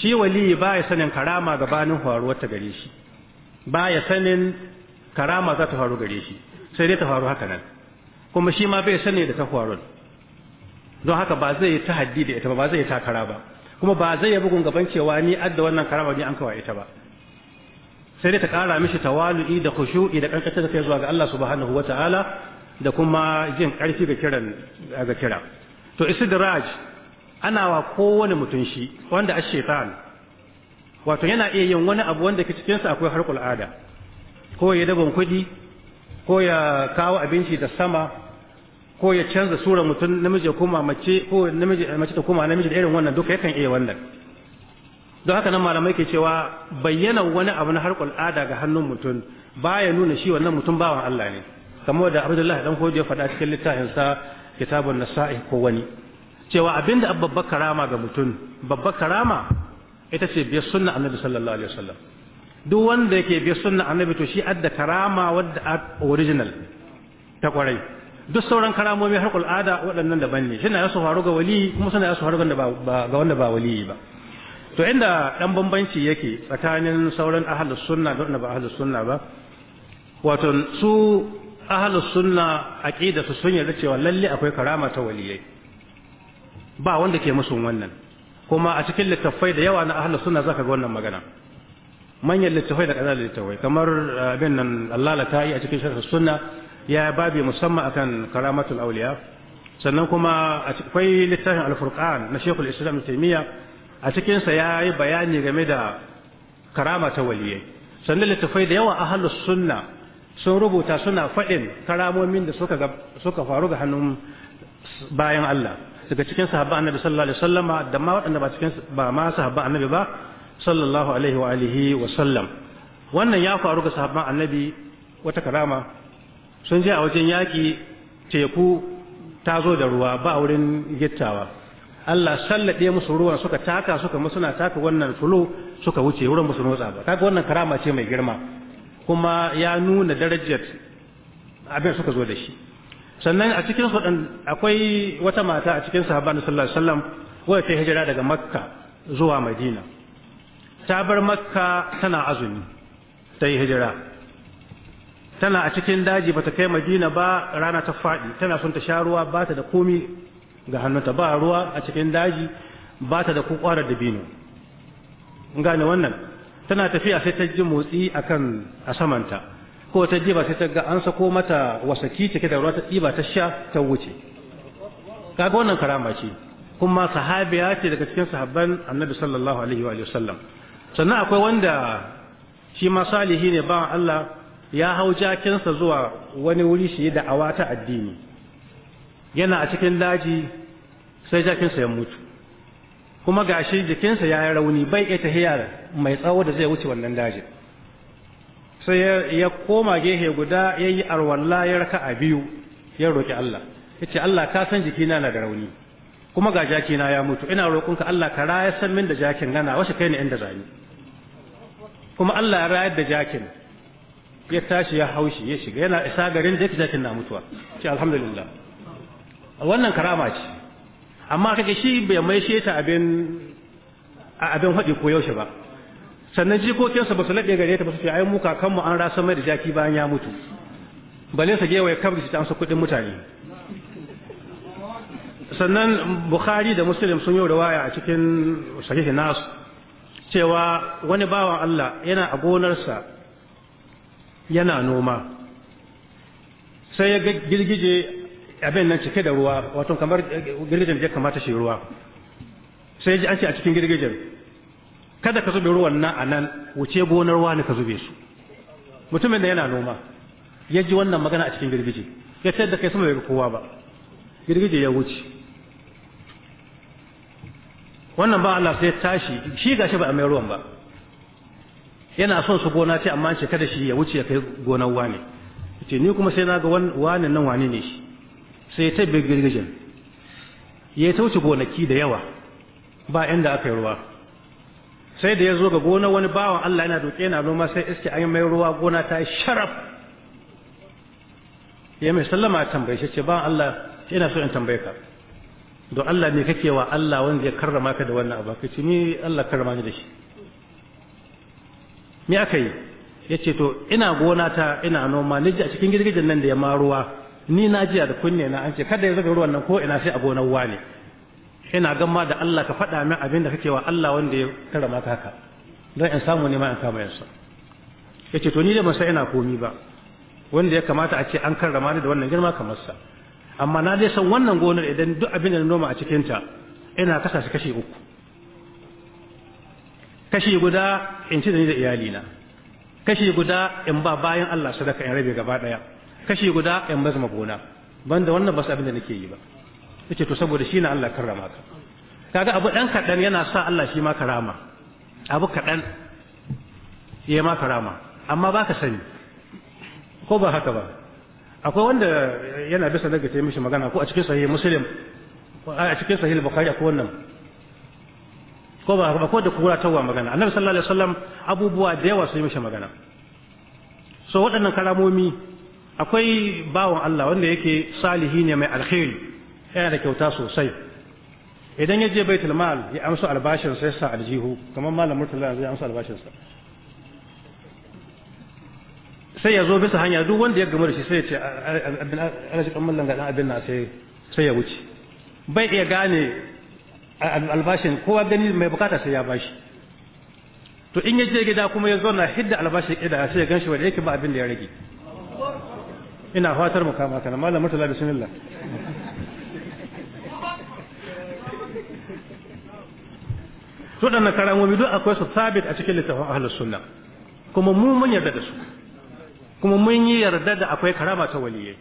shi waliyi ya sanin karama gabanin faru wata gare shi ba ya sanin karama za ta faru gare shi sai dai ta faru haka nan kuma shi ma bai sani da ta faru don haka ba zai ta haddi da ita ba zai ta takara ba kuma ba zai yabi gaban cewa ni adda wannan karama ne an kawo ita ba sai dai ta kara mishi tawali'i da khushu'i da kankata da kai zuwa ga Allah subhanahu wata'ala da kuma jin karfi ga kiran ga kira to istidraj ana wa kowane mutum shi wanda a shaitan wato yana iya yin wani abu wanda ke cikinsa akwai harkul ada ko ya dabon kudi ko ya kawo abinci da sama ko ya canza sura mutum namiji ya koma mace ko namiji mace ta koma namiji da irin wannan duka yakan iya wannan don haka nan malamai ke cewa bayyana wani abu na harkul ada ga hannun mutum baya nuna shi wannan mutum bawan Allah ne kamar da Abdullahi dan Kodi ya faɗa cikin littafinsa kitabun nasa'i ko wani cewa abinda abba babbar karama ga mutum babbar karama ita ce biyar sunna annabi sallallahu alaihi wasallam duk wanda yake biyar sunna annabi to shi adda karama wadda a original ta kwarai duk sauran karamomi har al'ada waɗannan daban ne shina ya su faru ga wali kuma suna ya su faru ga wanda ba wali ba to inda dan bambanci yake tsakanin sauran ahlus sunna da wanda ba ahlus sunna ba wato su ahlus sunna aqidatu sun yarda cewa lalle akwai karama ta waliyai ba wanda ke musu wannan kuma a cikin littafai da yawa na ahlus sunna zaka ga wannan magana manyan littafai da kaza littafai kamar eh, abin nan Allah ta yi a cikin sharh sunna ya babi musamman akan karamatul awliya sannan kuma akwai littafin al na shaykhul Islam Taymiya a cikin sa yi bayani game da karama ta sannan littafai da yawa ahlus sunna sun rubuta suna faɗin karamomin da suka suka faru ga hannun bayan Allah daga cikin sahabban annabi sallallahu alaihi wasallam da ma waɗanda ba cikin ba ma sahabban annabi ba sallallahu alaihi wa alihi wa sallam wannan ya faru ga sahabban annabi wata karama sun je a wajen yaƙi teku ta zo da ruwa ba wurin gittawa Allah sallade musu ruwan suka taka suka na taka wannan fulo suka wuce wurin musu motsa ba kaga wannan karama ce mai girma kuma ya nuna darajar abin suka zo da shi sannan a cikin su akwai wata mata a cikin sahabban sallallahu alaihi wasallam wadda ta hijira daga makka zuwa madina ta bar makka tana azumi ta yi hijira tana a cikin daji bata kai madina ba rana ta faɗi tana son ta sha ruwa ba ta da komi ga hannunta ba ruwa a cikin daji ba ta da kwarar dabino gane wannan tana tafiya sai ta ji motsi a kan a samanta ko ta jiba sai ta ga an sako mata wasaki take da ruwa ta ɗiba ta sha ta wuce kaga wannan karama ce kuma sahabiya ce daga cikin sahabban annabi sallallahu alaihi wa sallam sannan akwai wanda shi ma salihi ne ba Allah ya hau jakinsa zuwa wani wuri shi da awa ta addini yana a cikin daji sai jakinsa ya mutu kuma gashi jikinsa ya yi rauni bai iya tahiyar mai tsawo da zai wuce wannan dajin sai ya koma gehe guda ya yi arwalla ya raka a biyu ya roƙi Allah ya ce Allah ka san jikina na da rauni kuma ga jakina ya mutu ina roƙonka Allah ka raya san min da jakin gana wasu kai ne inda zani kuma Allah ya rayar da jakin ya tashi ya haushi ya shiga yana isa garin da jakin na mutuwa ce alhamdulillah wannan karama ce amma kake shi bai mai sheta abin haɗi ko yaushe ba sannan jikokinsa ba su laɗe gare ta ba su muka kan mu an rasa mai da jaki bayan ya mutu bale su gewaye kabri su ta amsa kuɗin mutane sannan bukhari da muslim sun yi rawaya a cikin sahihi nasu cewa wani bawan Allah yana a gonarsa yana noma sai ya girgije abin nan cike da ruwa wato kamar girgijen da ya kamata shi ruwa sai ji an ce a cikin girgijen kada ka zube ruwan nan a nan wuce gonar wani ka zube su mutumin da yana noma ya ji wannan magana a cikin girgije ya tayar da kai sama bai ga kowa ba girgije ya wuce wannan ba Allah sai ya tashi shi gashi ba a mai ruwan ba yana son su gona ce amma ce kada shi ya wuce ya kai gonar wani ce ni kuma sai na ga wani nan wani ne shi sai ya tabbe girgijin ya ta gonaki da yawa ba inda aka yi ruwa sai da ya zo ga gona wani bawa Allah yana doke na noma sai iske an mai ruwa gona ta sharaf ya mai sallama a tambaye shi ce bawan Allah ina so in tambaye ka don Allah ne kake wa Allah wanda ya karrama ka da wannan abu ka ce ni Allah karrama ni da shi me aka yi ya ce to ina gona ta ina noma ni a cikin girgijin nan da ya ma ruwa ni na jiya da kunne na an ce kada ya zaga ruwan nan ko ina sai a gonar wane gan ma da Allah ka faɗa min abin da kake wa Allah wanda ya tara maka haka don in samu ne ma in kama yansa ce to ni da masa ina komi ba wanda ya kamata a ce an karrama ni da wannan girma kamar sa amma na dai san wannan gonar idan duk abin da na noma a cikinta ina kasa shi kashi uku kashi guda in ci da ni da iyalina kashi guda in ba bayan Allah sadaka in rabe gaba ɗaya kashi guda in bazma gona banda wannan ba su abin da nake yi ba yace to saboda shi na Allah karrama ka kaga abu dan kadan yana sa Allah shi ma karama abu kadan shi ma karama amma baka sani ko ba haka ba akwai wanda yana bisa daga ce mishi magana ko a cikin sahihi muslim a cikin sahihi bukhari ko wannan ko ba haka ko da kura tawa magana annabi sallallahu alaihi wasallam abubuwa da yawa sai mishi magana so waɗannan karamomi akwai bawan Allah wanda yake salihi ne mai alkhairi yana da kyauta sosai idan ya je baitul mal ya amsa albashin sai sa aljihu kamar malam murtala zai amsa albashin sa sai ya zo bisa hanya duk wanda ya gamu da shi sai ya ce ana shi kammallan ga dan abin na sai sai ya wuce bai iya gane albashin kowa gani mai bukata sai ya bashi to in ya je gida kuma ya zo na hidda albashin ida sai ya ganshi wanda yake ba abin da ya rage ina fatar mu kama kana malam murtala bismillah waɗannan karamomi duk akwai su sabit a cikin littafin ahlus sunna kuma mu mun yarda da su kuma mun yi yarda da akwai karama ta waliyai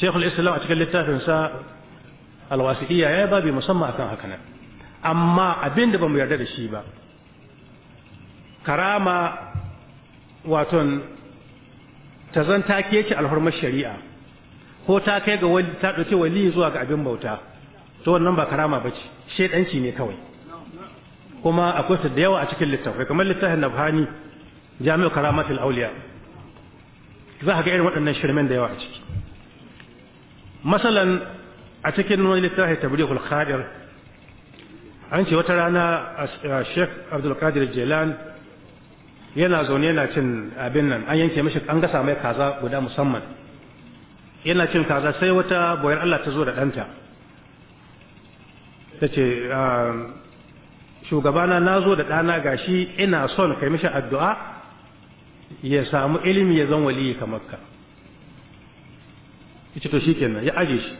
shekul islam a cikin littafin sa alwasi'iyya ya babi musamman akan haka nan amma abin da bamu yarda da shi ba karama waton ta zan ta kece alhurmar shari'a ko ta kai ga wali ta ɗauki wali zuwa ga abin bauta to wannan ba karama ba ce shaidanci ne kawai kuma akwai su da yawa a cikin littafai kamar littafin nabhani jami'u karamatul auliya za ka ga irin waɗannan shirmen da yawa a ciki masalan a cikin wani littafi tabrihul khadir an ce wata rana Sheikh Abdul Qadir Jilani yana zaune yana cin abin nan an yanke mishi an gasa mai kaza guda musamman yana cin kaza sai wata boyar Allah ta zo da ɗanta ta ce ah, shugabana na zo da ɗana shi ina son kai mishi addu'a ya samu ilimi ya zan waliyi kamar ka ita to shikenan ya aje shi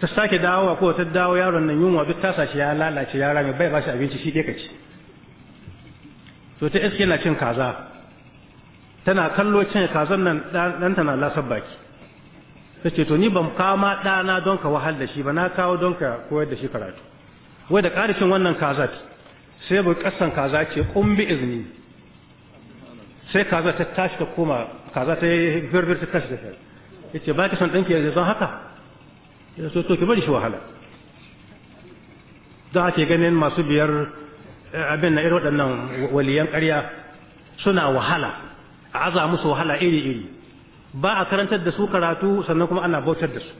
ta sake dawowa ko ta dawo yaron nan yunwa duk tasa shi ya lalace ya rame bai ba abinci shi ka ci to ta iske na cin kaza tana kallo cin kazan nan ɗanta na lasar baki ta ce to ni ban kama ɗana don ka wahal da shi ba na kawo don ka koyar da shi karatu wai da ƙarishin wannan kazat sai bai kasan kaza ce kun bi izini sai kaza ta tashi ta koma kaza ta yi birbir ta tashi ta kai ya ce ba ki son ɗanki yanzu zan haka ya so to ki bari shi wahala da ake ganin masu biyar eh, abin na irin waɗannan waliyan ƙarya suna wahala a aza musu wahala iri-iri ba a karantar da su karatu sannan kuma ana bautar da su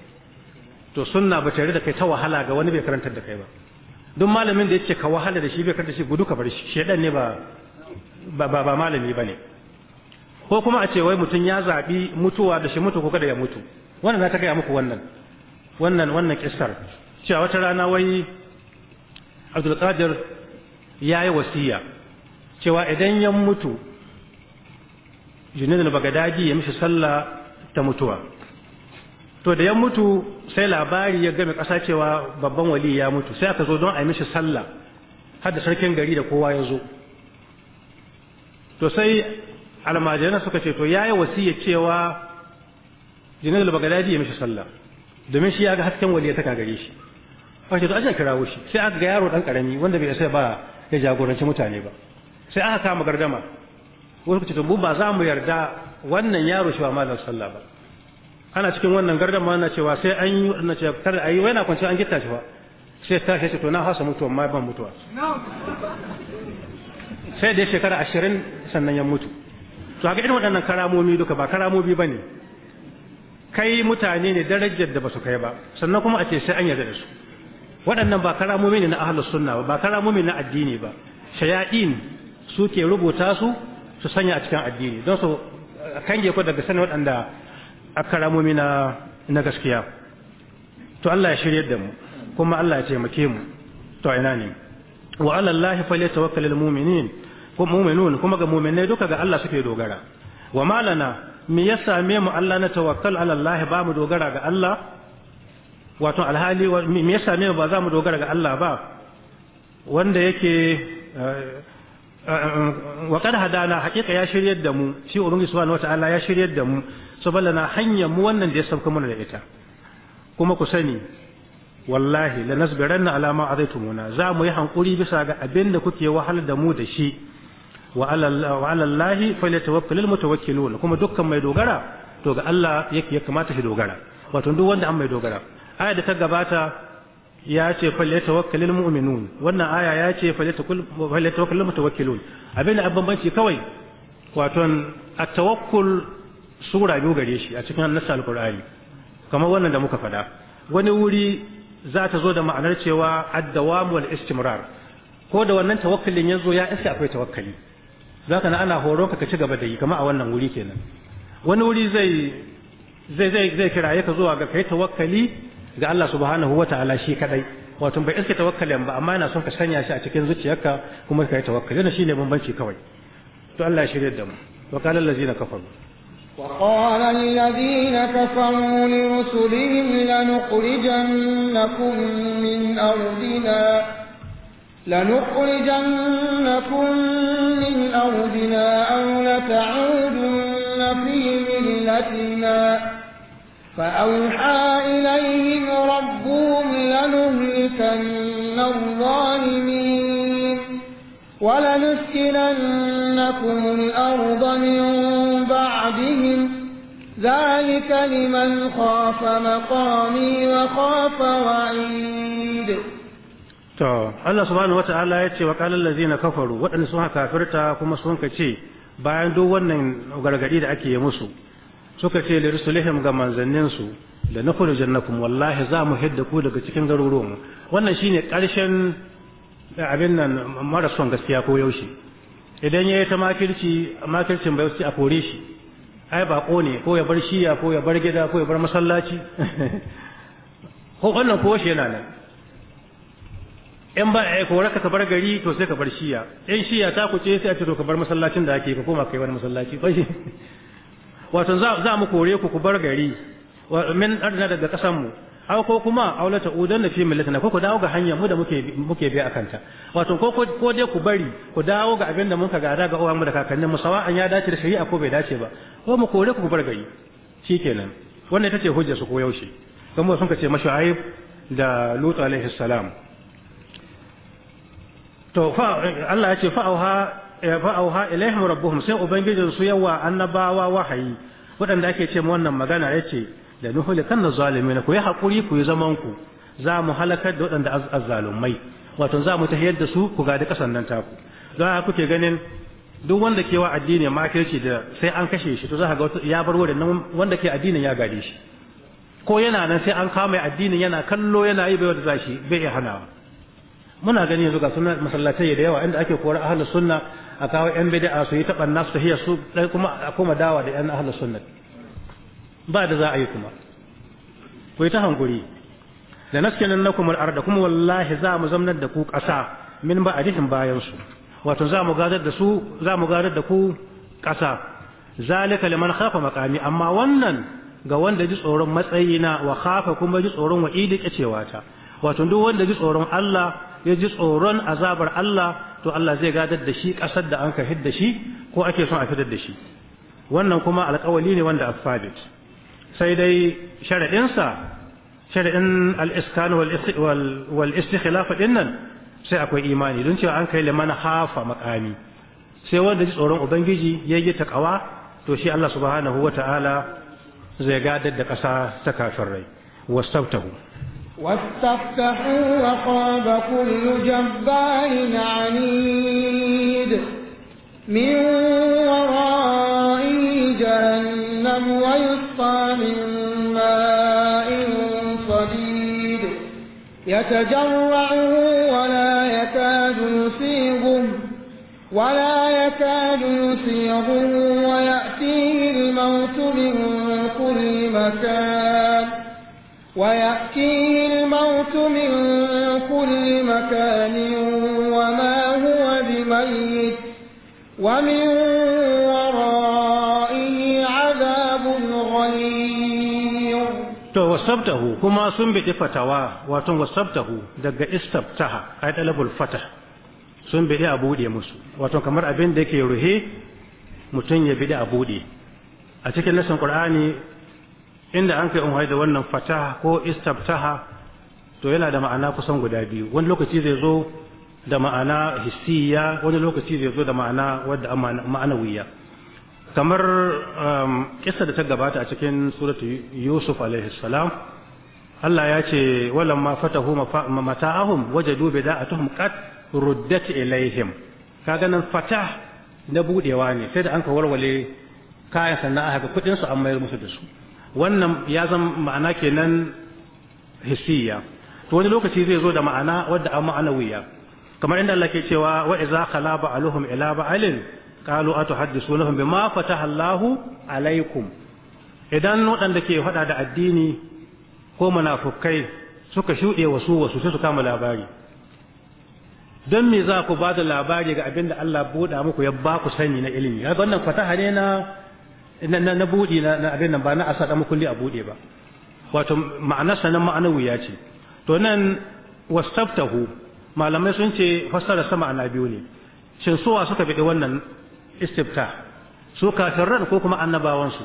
to suna ba tare da kai ta wahala ga wani bai karantar da kai ba don malamin da yake ka wahala da shi bai karta shi gudu ka bar shi shedan ne ba ba ba malami bane ko kuma a ce wai mutum ya zabi mutuwa da shi mutu ko kada ya mutu wannan za ta gaya muku wannan wannan wannan kissar cewa wata rana wai Abdul Qadir yayi wasiya cewa idan ya mutu Junaid al-Baghdadi ya mishi sallah ta mutuwa to da ya mutu sai labari ya game ƙasa cewa babban wali ya mutu sai aka zo don a yi mishi sallah har da sarkin gari da kowa ya zo to sai almajirai suka ce to ya yi wasiya cewa jinadul bagdadi ya mishi sallah domin shi ya ga hasken wali ya taka gare shi Aka ce to aje kira shi sai aka ga yaro dan karami wanda bai sai ba ya jagoranci mutane ba sai aka kama gardama wasu ce to ba za mu yarda wannan yaro shi ba malar sallah ba ana cikin wannan gardama na cewa sai an yi na cewa kada a yi wai na kwanci an gitta shi ba sai ta shi to na hasa mutuwa ma ban mutuwa sai da shekara ashirin sannan ya mutu to haka irin waɗannan karamomi duka ba karamomi ba ne kai mutane ne darajar da ba su kai ba sannan kuma a ce sai an yarda da su waɗannan ba karamomi ne na ahlus sunna ba ba karamomi na addini ba shayaɗin suke rubuta su su sanya a cikin addini don su kange ku daga sanin waɗanda a karamomi na gaskiya to Allah ya shirye da mu kuma Allah ya taimake mu to ina ne wa ala Allah al mu'minin ko mu'minun kuma ga mu'minai duka ga Allah suke dogara wa malana me ya same mu Allah na tawakkal ala Allah ba mu dogara ga Allah wato alhali me ya same mu ba za mu dogara ga Allah ba wanda yake eh, eh, eh, wa kad hadana haƙiƙa ya shirye da mu shi ubangiji subhanahu wata'ala ya shirye da mu na hanyar mu wannan da ya sauka mana da ita kuma ku sani wallahi la nasbiranna ala ma azaitumuna za mu yi hankuri bisa ga abin da kuke wahalar da mu da shi wa ala allahi falyatawakkalul mutawakkilun kuma dukkan mai dogara to ga Allah yake ya kamata shi dogara wato duk wanda an mai dogara aya da ta gabata ya ce falyatawakkalul mu'minun wannan aya ya ce falyatawakkalul mutawakkilun abin da abban banci kawai wato at-tawakkul sura biyu gare shi a cikin annasa alqur'ani kamar wannan da muka faɗa wani wuri za ta zo da ma'anar cewa ad wal istimrar ko da wannan tawakkalin ya zo ya isa akwai tawakkali zaka na ana horon ka ka ci gaba da yi kamar a wannan wuri kenan wani wuri zai zai zai zai ka zuwa ga kai tawakkali ga Allah subhanahu Ta'ala shi kadai wato bai iske tawakkalin ba amma yana son ka sanya shi a cikin zuciyarka kuma ka yi tawakkali wannan shine bambanci kawai to Allah ya shirye da mu wa qala allazina kafaru وقال الذين كفروا لرسلهم لنخرجنكم من أرضنا لنخرجنكم من أرضنا أو لتعودن في ملتنا فأوحى إليهم ربهم لنهلكن الظالمين ولنسكننكم الأرض من بعدهم ذلك لمن خاف مقامي وخاف وعيد to Allah subhanahu wataala ya ce wa qala allazina kafaru waɗanda sun kafirta kuma sun ka ce bayan duk wannan gargadi da ake yi musu suka ce li rusulihim ga manzannin su la nukhrijannakum wallahi za mu hidda ku daga cikin garuruwan wannan shine ƙarshen abin nan mara son gaskiya ko yaushe idan ya yi ta makirci makircin bai a kore shi ai ko ne ko ya bar shiya ko ya bar gida ko ya bar masallaci ko wannan ko shi yana nan in ba a eh, kore ka bar gari to sai ka bar shiya in shiya ta kuce sai a ce to ka bar masallacin da ake ka koma kai wani masallaci ba shi wato za mu kore ku ku bar gari min adana daga kasan mu aw ko kuma aulata udan na fi millatina ko ku dawo ga hanya mu da muke muke bi akan ta wato ko ko dai ku bari ku dawo ga abin da muka gada ga uwan mu da kakannin mu sawa'an ya dace da shari'a ko bai dace ba ko mu kore ku ku bar gari shikenan wannan ita ce hujja su ko yaushe kuma sun ka ce da lut alaihi salam to fa Allah ya ce fa auha eh, ilaihim rabbuhum sai ubangijin su yawa annabawa wahayi waɗanda ake ce wannan magana yace da la nuhlikanna zalimin ku yi hakuri ku yi zaman ku za mu halakar da waɗanda azzalumai wato za mu tahiyar da su ku gadi kasan nan taku don haka kuke ganin duk wanda ke wa addini makirci da sai an kashe shi to za ka ga ya bar wurin nan wanda ke addinin ya gade shi ko yana nan sai an kama addinin yana kallo yana yi bai wata zashi bai iya hanawa muna gani yanzu ga sunan masallatai da yawa inda ake korar ahlus sunna a kawo yan bid'a su yi taɓa nasu tahiyar su kuma a koma dawa da yan ahlus sunna ba da za a yi kuma ku yi ta hankuri da nan na kuma arda kuma wallahi za mu zamnar da ku ƙasa min ba a jihin bayansu wato za mu gadar da su za mu gadar da ku ƙasa zalika liman khafa maqami amma wannan ga wanda ji tsoron matsayina wa khafa kuma ji tsoron wa idi ta wato duk wanda ji tsoron Allah ya ji tsoron azabar Allah to Allah zai gadar da shi ƙasar da an ka hidda shi ko ake son a fitar da shi wannan kuma alƙawali ne wanda afadit sai dai sharaɗinsa sharaɗin al'iskan wal istikhilafa ɗin nan sai akwai imani don cewa an kai liman hafa makami sai wanda ji tsoron ubangiji ya yi takawa to shi Allah subhanahu wa ta'ala zai gadar da ƙasa ta kafin rai wastaftahu wastaftahu wa qaba kullu jabbarin anid min wara جهنم ويسقى من ماء صديد يتجرعه ولا يكاد يسيغه ولا يكاد يسيغه ويأتيه الموت من كل مكان ويأتيه الموت من كل مكان وما هو بميت ومن wasabtahu kuma sun bi fatawa wato wasabtahu daga istabtaha ay talabul fatah sun bi a bude musu wato kamar abin da yake ruhe mutum ya bi a bude a cikin nasan qur'ani inda an kai umar da wannan fataha ko istabtaha to yana da ma'ana kusan guda biyu wani lokaci zai zo da ma'ana hissiya wani lokaci zai zo da ma'ana wadda ma'anawiya kamar um, kisa da ta gabata a cikin suratu yusuf alaihi salam Allah ya ce walan ma fatahu mata'ahum wajadu bida'atuhum qad ruddat ilaihim kaga nan fatah na budewa ne sai da an ka warware kayan sannan aka kudin su an mayar musu da su wannan ya zan ma'ana kenan hissiya to wani lokaci zai zo da ma'ana wadda an wuya kamar inda Allah ke cewa wa iza khala ba'aluhum ila ba'alin qalu atuhaddisunahum ma fataha Allahu alaikum idan waɗanda ke faɗa da addini ko munafukai suka shuɗe wasu wasu sai su kama labari don me za ku ba da labari ga abin da Allah buɗa muku ya ba ku sani na ilimi ya wannan fataha ne na na buɗi na abin nan ba na asa da mukulli a buɗe ba wato ma'anarsa sanan ma'anawi ya ce to nan wastaftahu malamai sun ce fassara sama ana biyu ne shin suwa suka fiɗi wannan istifta su kafirran ko kuma annabawansu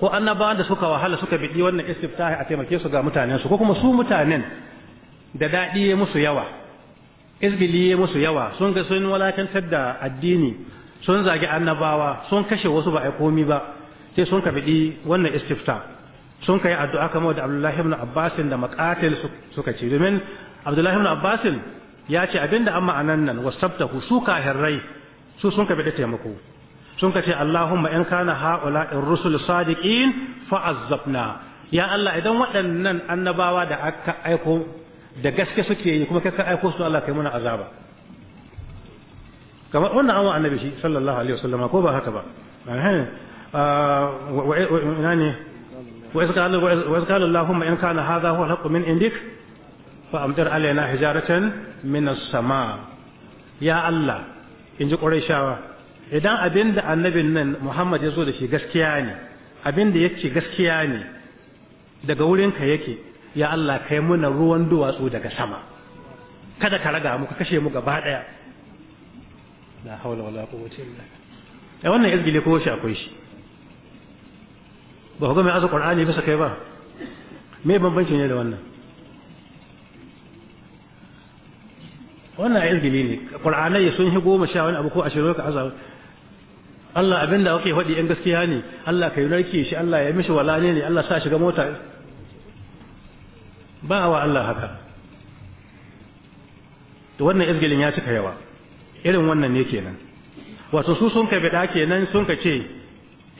ko annabawan da suka wahala suka biɗi wannan istifta a taimake su ga mutanensu ko kuma su mutanen da daɗi ya musu yawa izbili ya musu yawa sun ga sun walakantar da addini sun zagi annabawa sun kashe wasu ba a komi ba sai sun ka bidi wannan istifta sun kai addu'a kamar da Abdullahi ibn Abbas da maqatil suka ce domin Abdullahi ibn Abbas ya ce abinda amma anan nan wasabtahu su kahirrai su sun ka bi taimako sun ka ce Allahumma in kana haula ar-rusul sadiqin fa'azzabna ya Allah idan waɗannan annabawa da aka aiko da gaske suke yi kuma kai ka aiko su Allah kai muna azaba kamar wannan an wa annabi shi sallallahu alaihi wasallam ko ba haka ba eh wa ne wa iska Allahumma in kana hadha huwa al-haqq min indik fa amtir alaina hijaratan min as السماء ya Allah in ji shawa, idan abin da annabin nan muhammad ya zo da shi gaskiya ne abin da ya ce gaskiya ne daga wurinka yake ya allah kai muna ruwan duwatsu daga sama kada ka raga mu ka kashe mu gaba ɗaya la haula wala quwwata illa billah eh, wannan izgile ko shi akwai shi ba ku ga mai azu qur'ani bisa kai ba me bambancin ne da wannan wannan izgili ne ƙur'anai sun hi goma sha wani abu ko ashirin ka azaba Allah abin da kake faɗi yan gaskiya ne Allah ka yi narki shi Allah ya mishi wala ne Allah sa shiga mota ba wa Allah haka to wannan izgilin ya cika yawa irin wannan ne kenan wato su sun ka bida kenan sun ka ce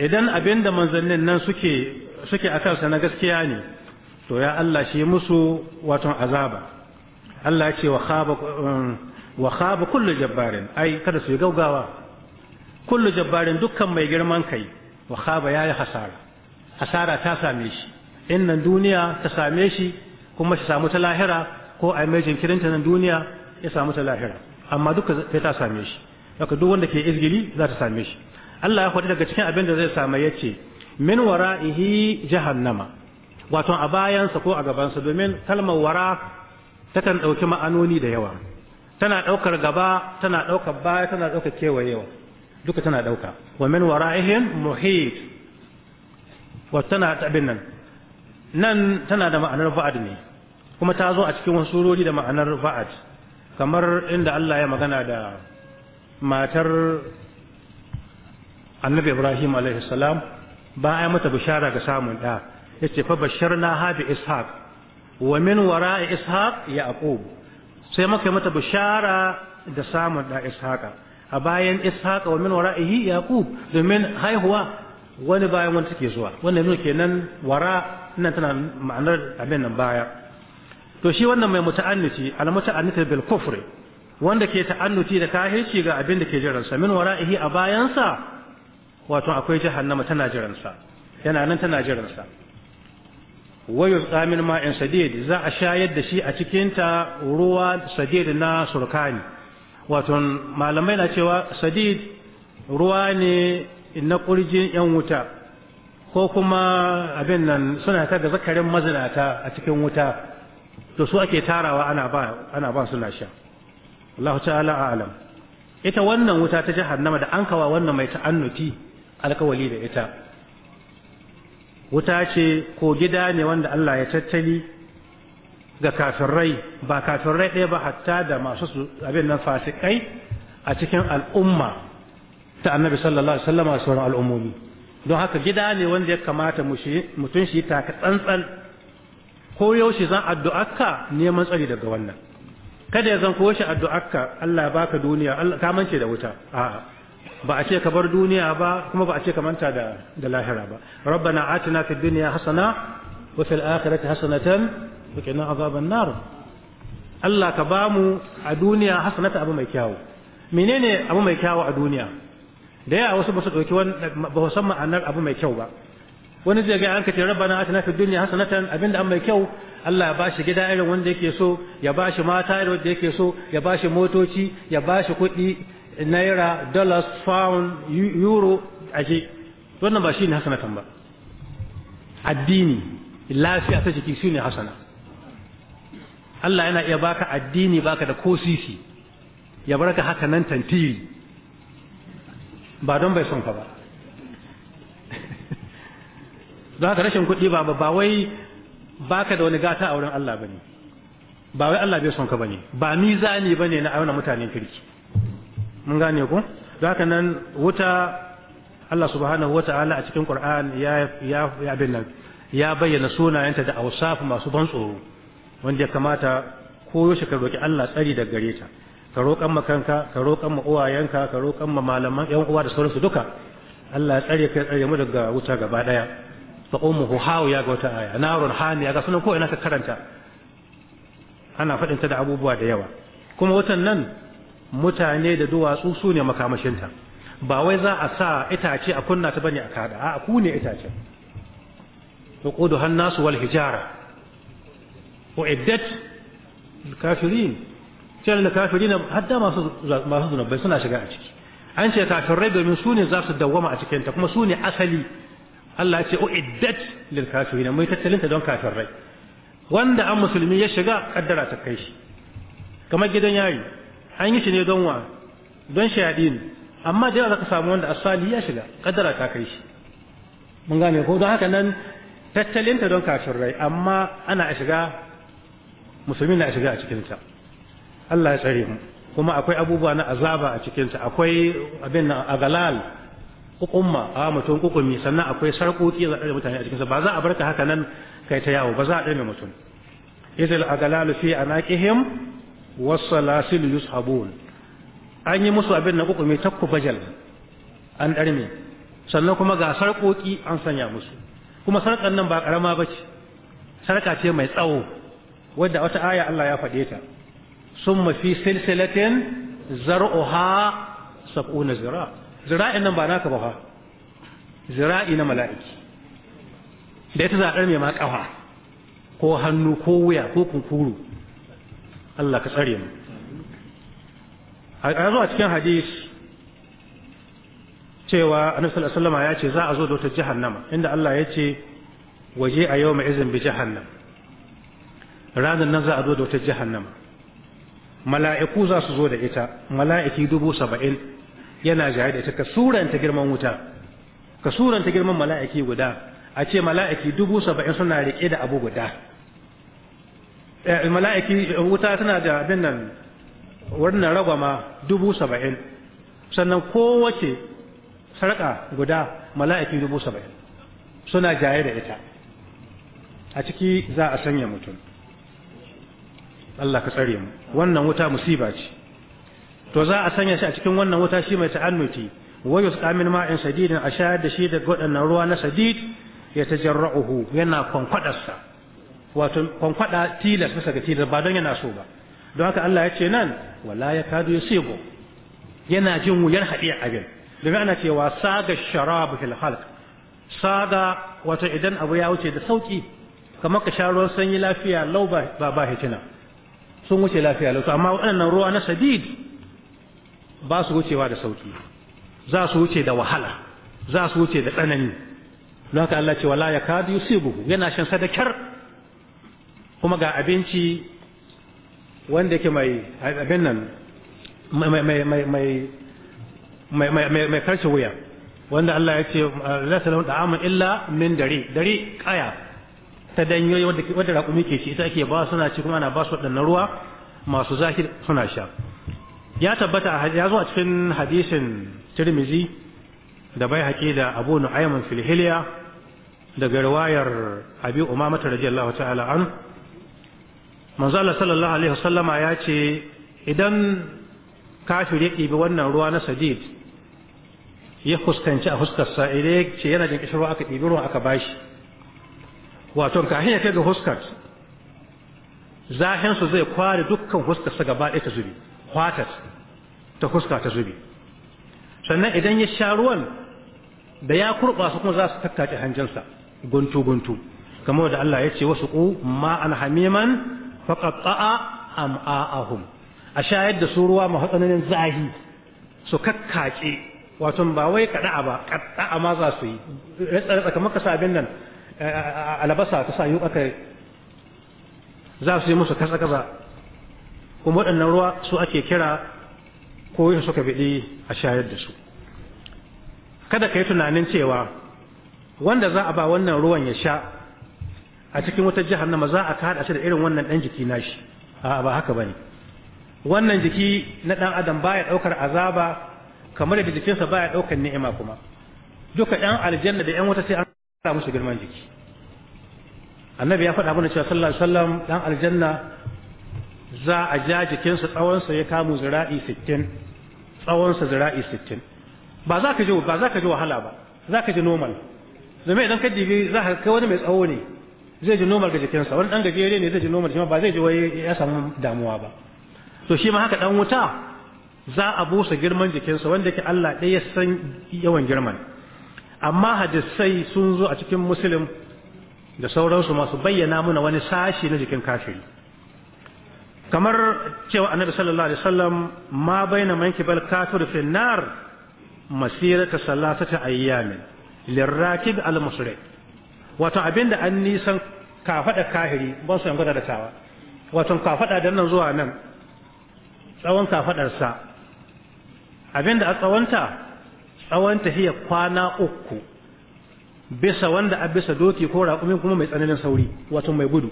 idan abin da manzannin nan suke suke akan na gaskiya ne to ya Allah shi musu wato azaba Allah ce um, wa khaba kullu jabbarin ai kada su yi gaugawa kullu jabbarin dukkan mai girman kai wa khaba yayi hasara hasara ta same shi innan duniya ta same shi kuma shi samu ta lahira ko ai mai jinkirin ta nan duniya ya samu ta lahira amma duka sai ta same shi haka duk wanda ke izgili za ta same shi Allah ya faɗi daga cikin abin da zai ya ce min wara'ihi jahannama wato a bayansa ko a gabansa domin kalmar wara takan ɗauki ma'anoni da yawa tana ɗaukar gaba tana ɗaukar baya tana ɗaukar kewayewa duka tana ɗauka wa min wara'ihim muhit wa tana abin nan nan tana da ma'anar ba'ad ne kuma ta zo a cikin wasu surori da ma'anar ba'ad kamar inda Allah ya magana da matar annabi Ibrahim alaihi salam ba a mata bishara ga samun ɗa ce fa basharna ha bi ishaq wa min wara'i ishaq yaqub sai muka mata bishara da samun da ishaqa a bayan ishaqa wa min wara'ihi yaqub domin haihuwa wani bayan wani take zuwa wannan nuna kenan wara nan tana ma'anar abin nan baya to shi wannan mai muta'anniti al muta'anniti bil kufri wanda ke ta'annuti da kahirci ga abin da ke jiransa min wara'ihi a bayansa wato akwai jahannama tana jiransa yana nan tana jiransa wayus tsamin ma'in sadid za a shayar da shi a cikinta ruwa sadid na surkani wato malamai na cewa sadid ruwa ne na kurjin yan wuta ko kuma abin nan suna ta da zakarin mazinata a cikin wuta to su ake tarawa ana ba suna sha Allah ta'ala a'lam ita wannan wuta ta jihar nama da an kawa wannan mai ta'annuti alkawali da ita wuta ce ko gida ne wanda Allah ya tattali ga kafirai ba kafirai ɗaya ba hatta da masu abin nan fasikai a cikin al'umma ta annabi sallallahu alaihi wasallam sauran al'ummomi don haka gida ne wanda ya kamata mutum shi ta tsantsan ko yaushe zan addu'arka neman tsari daga wannan kada ya zan ko addu'arka Allah ya baka duniya Allah ka mance da wuta a'a ba a ce ka bar duniya ba kuma ba a ce ka manta da da lahira ba rabbana atina fid dunya hasana wa fil akhirati hasanatan wa qina azaban nar Allah ka ba mu a duniya hasanata abu mai kyau. menene abu mai kyau a duniya da yawa wasu ba su dauki ba su san ma'anar abu mai kyau ba wani zai ga an kace rabbana atina fid dunya hasanatan abinda an mai kyau Allah ya bashi gida irin wanda yake so ya bashi mata irin wanda yake so ya bashi motoci ya bashi kuɗi naira dollars pound euro ashe wannan ba shi ne hasanatan ba addini lafiya ta jiki su ne hasana Allah yana iya baka addini baka da ko sisi ya barka haka nan tantiri ba don bai son ka ba don haka rashin kuɗi ba ba wai baka da wani gata a wurin Allah bane ba wai Allah bai son ka bane ba mizani bane na auna mutanen kirki mun gane ku don haka nan wuta Allah subhanahu wata'ala a cikin Qur'an ya ya abin nan ya bayyana sunayenta da awsaf masu ban tsoro wanda ya kamata koyaushe ka roki Allah tsari da gare ta ka roƙan ma kanka ka roƙan ma uwayenka ka roƙan ma malaman ƴan uwa da sauransu duka Allah ya tsare kai tsare mu daga wuta gaba daya fa ummuhu hawiya ga wata aya narun hamiya ga sunan ko ina ka karanta ana faɗin ta da abubuwa da yawa kuma watan nan mutane da duwatsu su ne makamashinta ba wai za a sa itace a kunna ta bane a kada a ku ne itacen tuqudu hannasu wal hijara iddat kafirin cewa da kafirin hadda masu masu zunubai suna shiga a ciki an ce kafirai domin su ne za su dawwama a cikinta kuma su ne asali Allah ya ce uiddat lil kafirin mai tattalinta don kafirai wanda an musulmi ya shiga kaddara ta kai shi kamar gidan yayi an yi shi ne don wa don shayadin amma da yawa ka samu wanda asali ya shiga kadara ta kai shi mun gane ko don haka nan tattalinta don rai amma ana shiga musulmi na shiga a cikinta Allah ya tsare mu kuma akwai abubuwa na azaba a cikinta akwai abin nan agalal hukumma a mutum hukumi sannan akwai sarƙoƙi za a mutane a cikinsa ba za a barka haka nan kai ta yawo ba za a ɗaya mutum izil agalalu fi anaqihim wasalasilu yushabun an yi musu abin na uku mai takku bajal an ɗarme sannan kuma ga sarƙoƙi an sanya musu kuma sarƙar nan ba ƙarama ba ce sarƙa ce mai tsawo wadda wata aya Allah ya faɗe ta sun mafi silsilatin zar'uha sab'una zira zira'in nan ba naka ba fa zira'i na mala'iki da ita zaɗar mai ma ƙafa ko hannu ko wuya ko kunkuru Allah ka tsare mu a zo a cikin hadis cewa annabi sallallahu alaihi wasallam ya ce za a zo da wata jahannama inda Allah ya ce waje a yau mai izin bi jahannam ranar nan za a zo da wata jahannama mala'iku za su zo da ita mala'iki dubu saba'in yana jaye da ita ka suranta girman wuta ka suranta girman mala'iki guda a ce mala'iki dubu saba'in suna riƙe da abu guda Eh, mala'iki eh, wuta tana da abin nan wannan ma dubu saba'in sannan kowace sarƙa guda mala'iki dubu saba'in suna jaye da ita a ciki za a sanya mutum Allah ka tsare mu wannan wuta musiba ce to za a sanya shi a cikin wannan wuta shi mai ta'annuti wayo yusqa min ma'in sadidin a shayar da shi da waɗannan ruwa na sadid ya ta jarra'uhu yana kwankwaɗarsa wato kwankwada tilas bisa ga tilas ba don yana so ba don haka Allah ya ce nan wala ya kadu yusibu yana jin wuyar hadiyar abin domin ana cewa saga sharab fil halq saga wato idan abu ya wuce da sauki kamar ka sha ruwan sanyi lafiya lau ba ba hitina sun wuce lafiya lau amma waɗannan ruwa na sadid ba su wucewa da sauki za su wuce da wahala za su wuce da tsanani don haka Allah ce wala ya kadu yusibu yana shan sadakar kuma ga abinci wanda yake mai abin nan mai karshe wuya wanda Allah ya ce lasa lahu da'amun illa min dari dari kaya ta danyoyi wadda raƙumi ke shi ita ake ba suna ci kuma ana ba su waɗannan ruwa masu zaki suna sha ya tabbata ya zo a cikin hadisin tirmizi da bai haƙi da abu nu'ayman filhiliya daga riwayar abi umamata radiyallahu ta'ala an manzo Allah sallallahu alaihi wasallama ya ce idan kafir ya ɗibi wannan ruwa na sadid ya fuskanci a fuskarsa idan ya ce yana jin kishirwa aka ɗibi ruwa aka bashi wato kafin ya kai ga fuskar zahinsu zai kware dukkan fuskarsa gaba ɗaya ta zubi kwatar ta fuska ta zubi sannan idan ya sha ruwan da ya kurɓa su kuma za su takkaci hanjinsa guntu guntu kamar da Allah ya ce wasu ku ma an hamiman ta'a am'a'ahum a shayar da su ruwa ma hatsanin zahi su kakkace wato ba wai kada ba kada'a ma za su yi ratsa kamar ka abin nan eh, albasa ka sa yi aka za su yi musu kasa kaza kuma waɗannan ruwa su ake kira ko yin suka biɗi a shayar da su kada ka yi tunanin cewa wanda za a ba wannan ruwan ya sha a cikin wutar jahannama za a kada shi da irin wannan dan jiki nashi a'a ba haka bane wannan jiki na dan adam baya daukar azaba kamar da jikinsa baya daukar ni'ima kuma duka yan aljanna da yan wata sai an sa musu girman jiki annabi ya faɗa mana cewa sallallahu alaihi wasallam dan aljanna za a ja jikinsa tsawonsa ya kamu zira'i 60 tsawonsa zira'i 60 ba za ka ji ba za ka ji wahala ba za ka ji normal domin idan ka dibi za ka kai wani mai tsawo ne zai ji normal ga jikinsa wani dan gajere ne zai ji normal ba zai ji wai ya samu damuwa ba to shi ma haka dan wuta za a busa girman jikinsa wanda ke Allah ɗaya ya san yawan girman amma hadisai sun zo a cikin musulun da sauransu masu bayyana muna wani sashi na jikin kafiri kamar cewa annabi sallallahu alaihi wasallam ma baina manki kibal kafir fi nar masirata salatata ayyamin lirrakib al musri wato abinda an nisan kafada kahiri ba su yankwada da tawa wato kafada da nan zuwa nan tsawon kafadarsa abinda a tsawonta tsawon tafiya kwana uku bisa wanda a bisa doki ko raƙumi kuma mai tsananin sauri wato mai gudu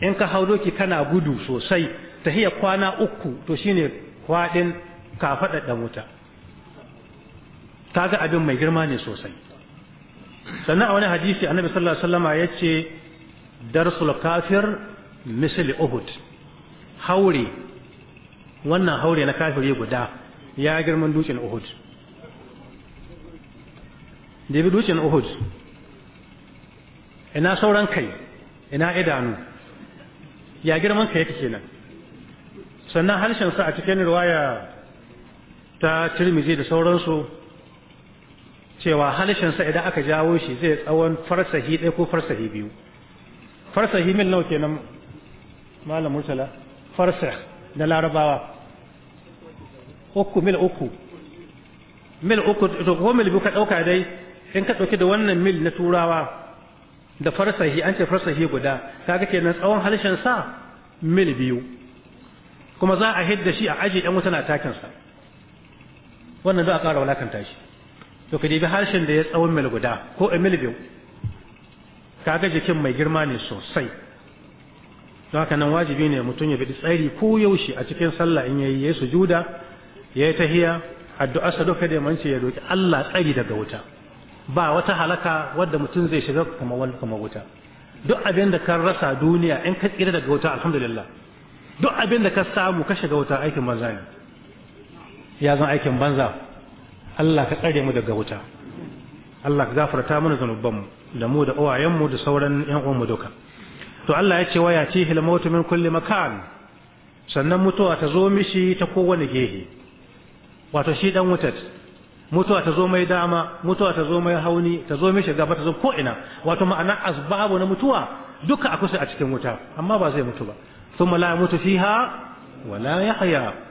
in ka hau doki kana gudu sosai ta tahiya kwana uku to shine kwaɗin kafaɗa da wuta Ta ga abin mai girma ne sosai sannan a wani hadisi annabi sallallahu alaihi wasallama yace darsul kafir misli uhud haure wannan haure na kafire guda ya girman dutsen uhud da bi dutsen uhud ina sauran kai ina idanu ya girman kai yake kenan sannan harshen sa a cikin riwaya ta tirmizi da sauransu cewa halishinsa idan aka jawo shi zai tsawon farsahi ɗaya ko farsahi biyu farsahi mil nawa kenan malam murtala farsah na larabawa uku mil uku mil uku to ko mil biyu ka ɗauka dai in ka ɗauki da wannan mil na turawa da farsahi an ce farsahi guda kaga kenan tsawon halishin sa mil biyu kuma za a hidda shi a aji ɗan wuta na takinsa wannan za a ƙara walakanta shi to ka dibi harshen da ya tsawon mil guda ko a mil biyu kaga jikin mai girma ne sosai don haka nan wajibi ne mutum ya bi tsari ko yaushe a cikin sallah in yayi yayi sujuda yayi tahiya addu'a sa duka da mance ya roki Allah tsari daga wuta ba wata halaka wadda mutum zai shiga kuma wani kuma wuta duk abin da ka rasa duniya in ka tsira daga wuta alhamdulillah duk abin da ka samu ka shiga wuta aikin banza ne ya zan aikin banza Allah ka tsare mu daga wuta Allah ka gafarta mana zanubanmu da mu da uwayenmu da sauran yan uwanmu duka to Allah ya ce waya tihi al-maut min kulli makan sannan mutuwa ta zo mishi ta kowane gehe wato shi dan wutar mutuwa ta zo mai dama mutuwa ta zo mai hauni ta zo mishi gaba ta zo ko ina wato ma'ana asbabu na mutuwa duka a kusa a cikin wuta amma ba zai mutu ba thumma la yamutu fiha wala yahya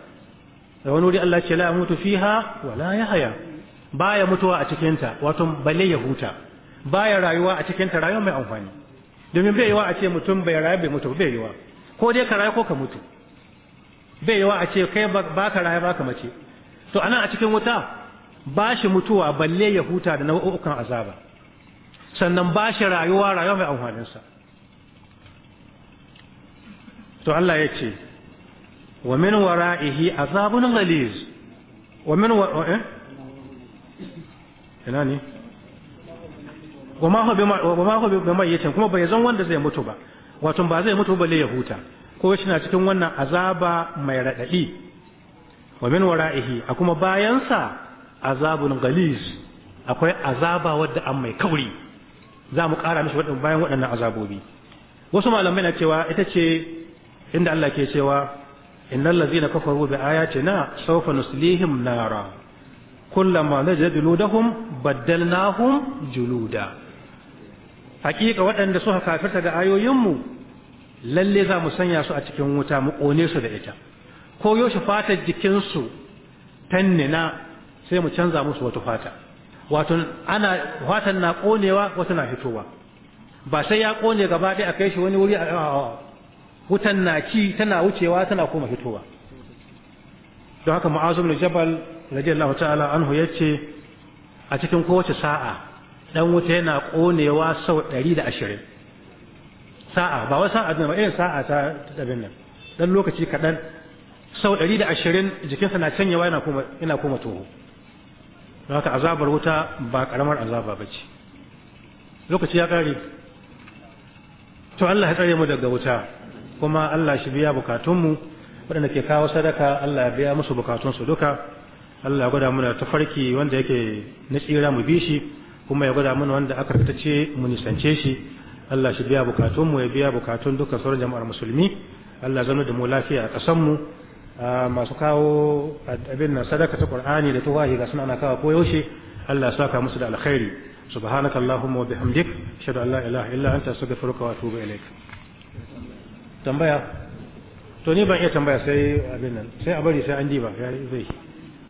da wani wuri Allah ce la mutu fiha wala yahya baya mutuwa a cikin ta wato balle ya huta baya rayuwa a cikin ta rayuwa mai amfani domin bai yiwa a ce mutum bai rayu bai mutu bai yiwa ko dai ka rayu ko ka mutu bai yiwa a ce kai ba ka rayu ba ka mace to anan a cikin wuta ba shi mutuwa balle ya huta da nau'ukan azaba sannan ba shi rayuwa rayuwa mai amfaninsa to Allah ya ce wa min wara'ihi غليظ ومن wa min wa eh? ina ne wa ma huwa kuma bai zan wanda zai mutu ba wato ba zai mutu balle ya huta ko shi na cikin wannan azaba mai radadi wa min wara'ihi a kuma sa azabun ghaliz akwai azaba wadda an mai kauri za mu kara mishi bayan wadannan azabobi wasu malamai na cewa ita ce inda Allah ke cewa innal ladzina kafaru bi ayatina sawfa nuslihim nara kullama najad juludahum baddalnahum juluda hakika waɗanda suka kafirta ga ayoyinmu lalle za mu sanya su a cikin wuta mu kone su da ita ko yaushe fatar jikinsu tannina sai mu canza musu wata fata wato ana fatan na konewa wata na fitowa ba sai ya kone gaba ɗaya a kai shi wani wuri a wutan na ci tana wucewa tana kuma fitowa don haka mu'azu bin jabal radiyallahu ta'ala anhu yace a cikin kowace sa'a dan wuta yana konewa sau 120 sa'a ba wai sa'a ba irin sa'a ta dabin nan dan lokaci kadan sau 120 jikinsa na canyewa yana kuma yana kuma toho don haka azabar wuta ba karamar azaba bace lokaci ya kare to Allah ya tsare mu daga wuta kuma Allah shi biya bukatunmu waɗanda ke kawo sadaka Allah ya biya musu bukatunsu duka Allah ya gwada mana tafarki wanda yake na tsira mu bi shi kuma ya gwada mana wanda aka fitace mu nisance shi Allah shi biya bukatunmu ya biya bukatun duka sauran jama'ar musulmi Allah zama da mu lafiya a ƙasanmu masu kawo abin nan sadaka ta Qur'ani da tuwahi ga suna ana kawo yaushe Allah ya saka musu da alkhairi subhanakallahumma wa bihamdik ashhadu an la ilaha illa anta astaghfiruka wa atubu ilaik tambaya to ni ban iya tambaya sai abin nan sai a bari sai an diba ba zai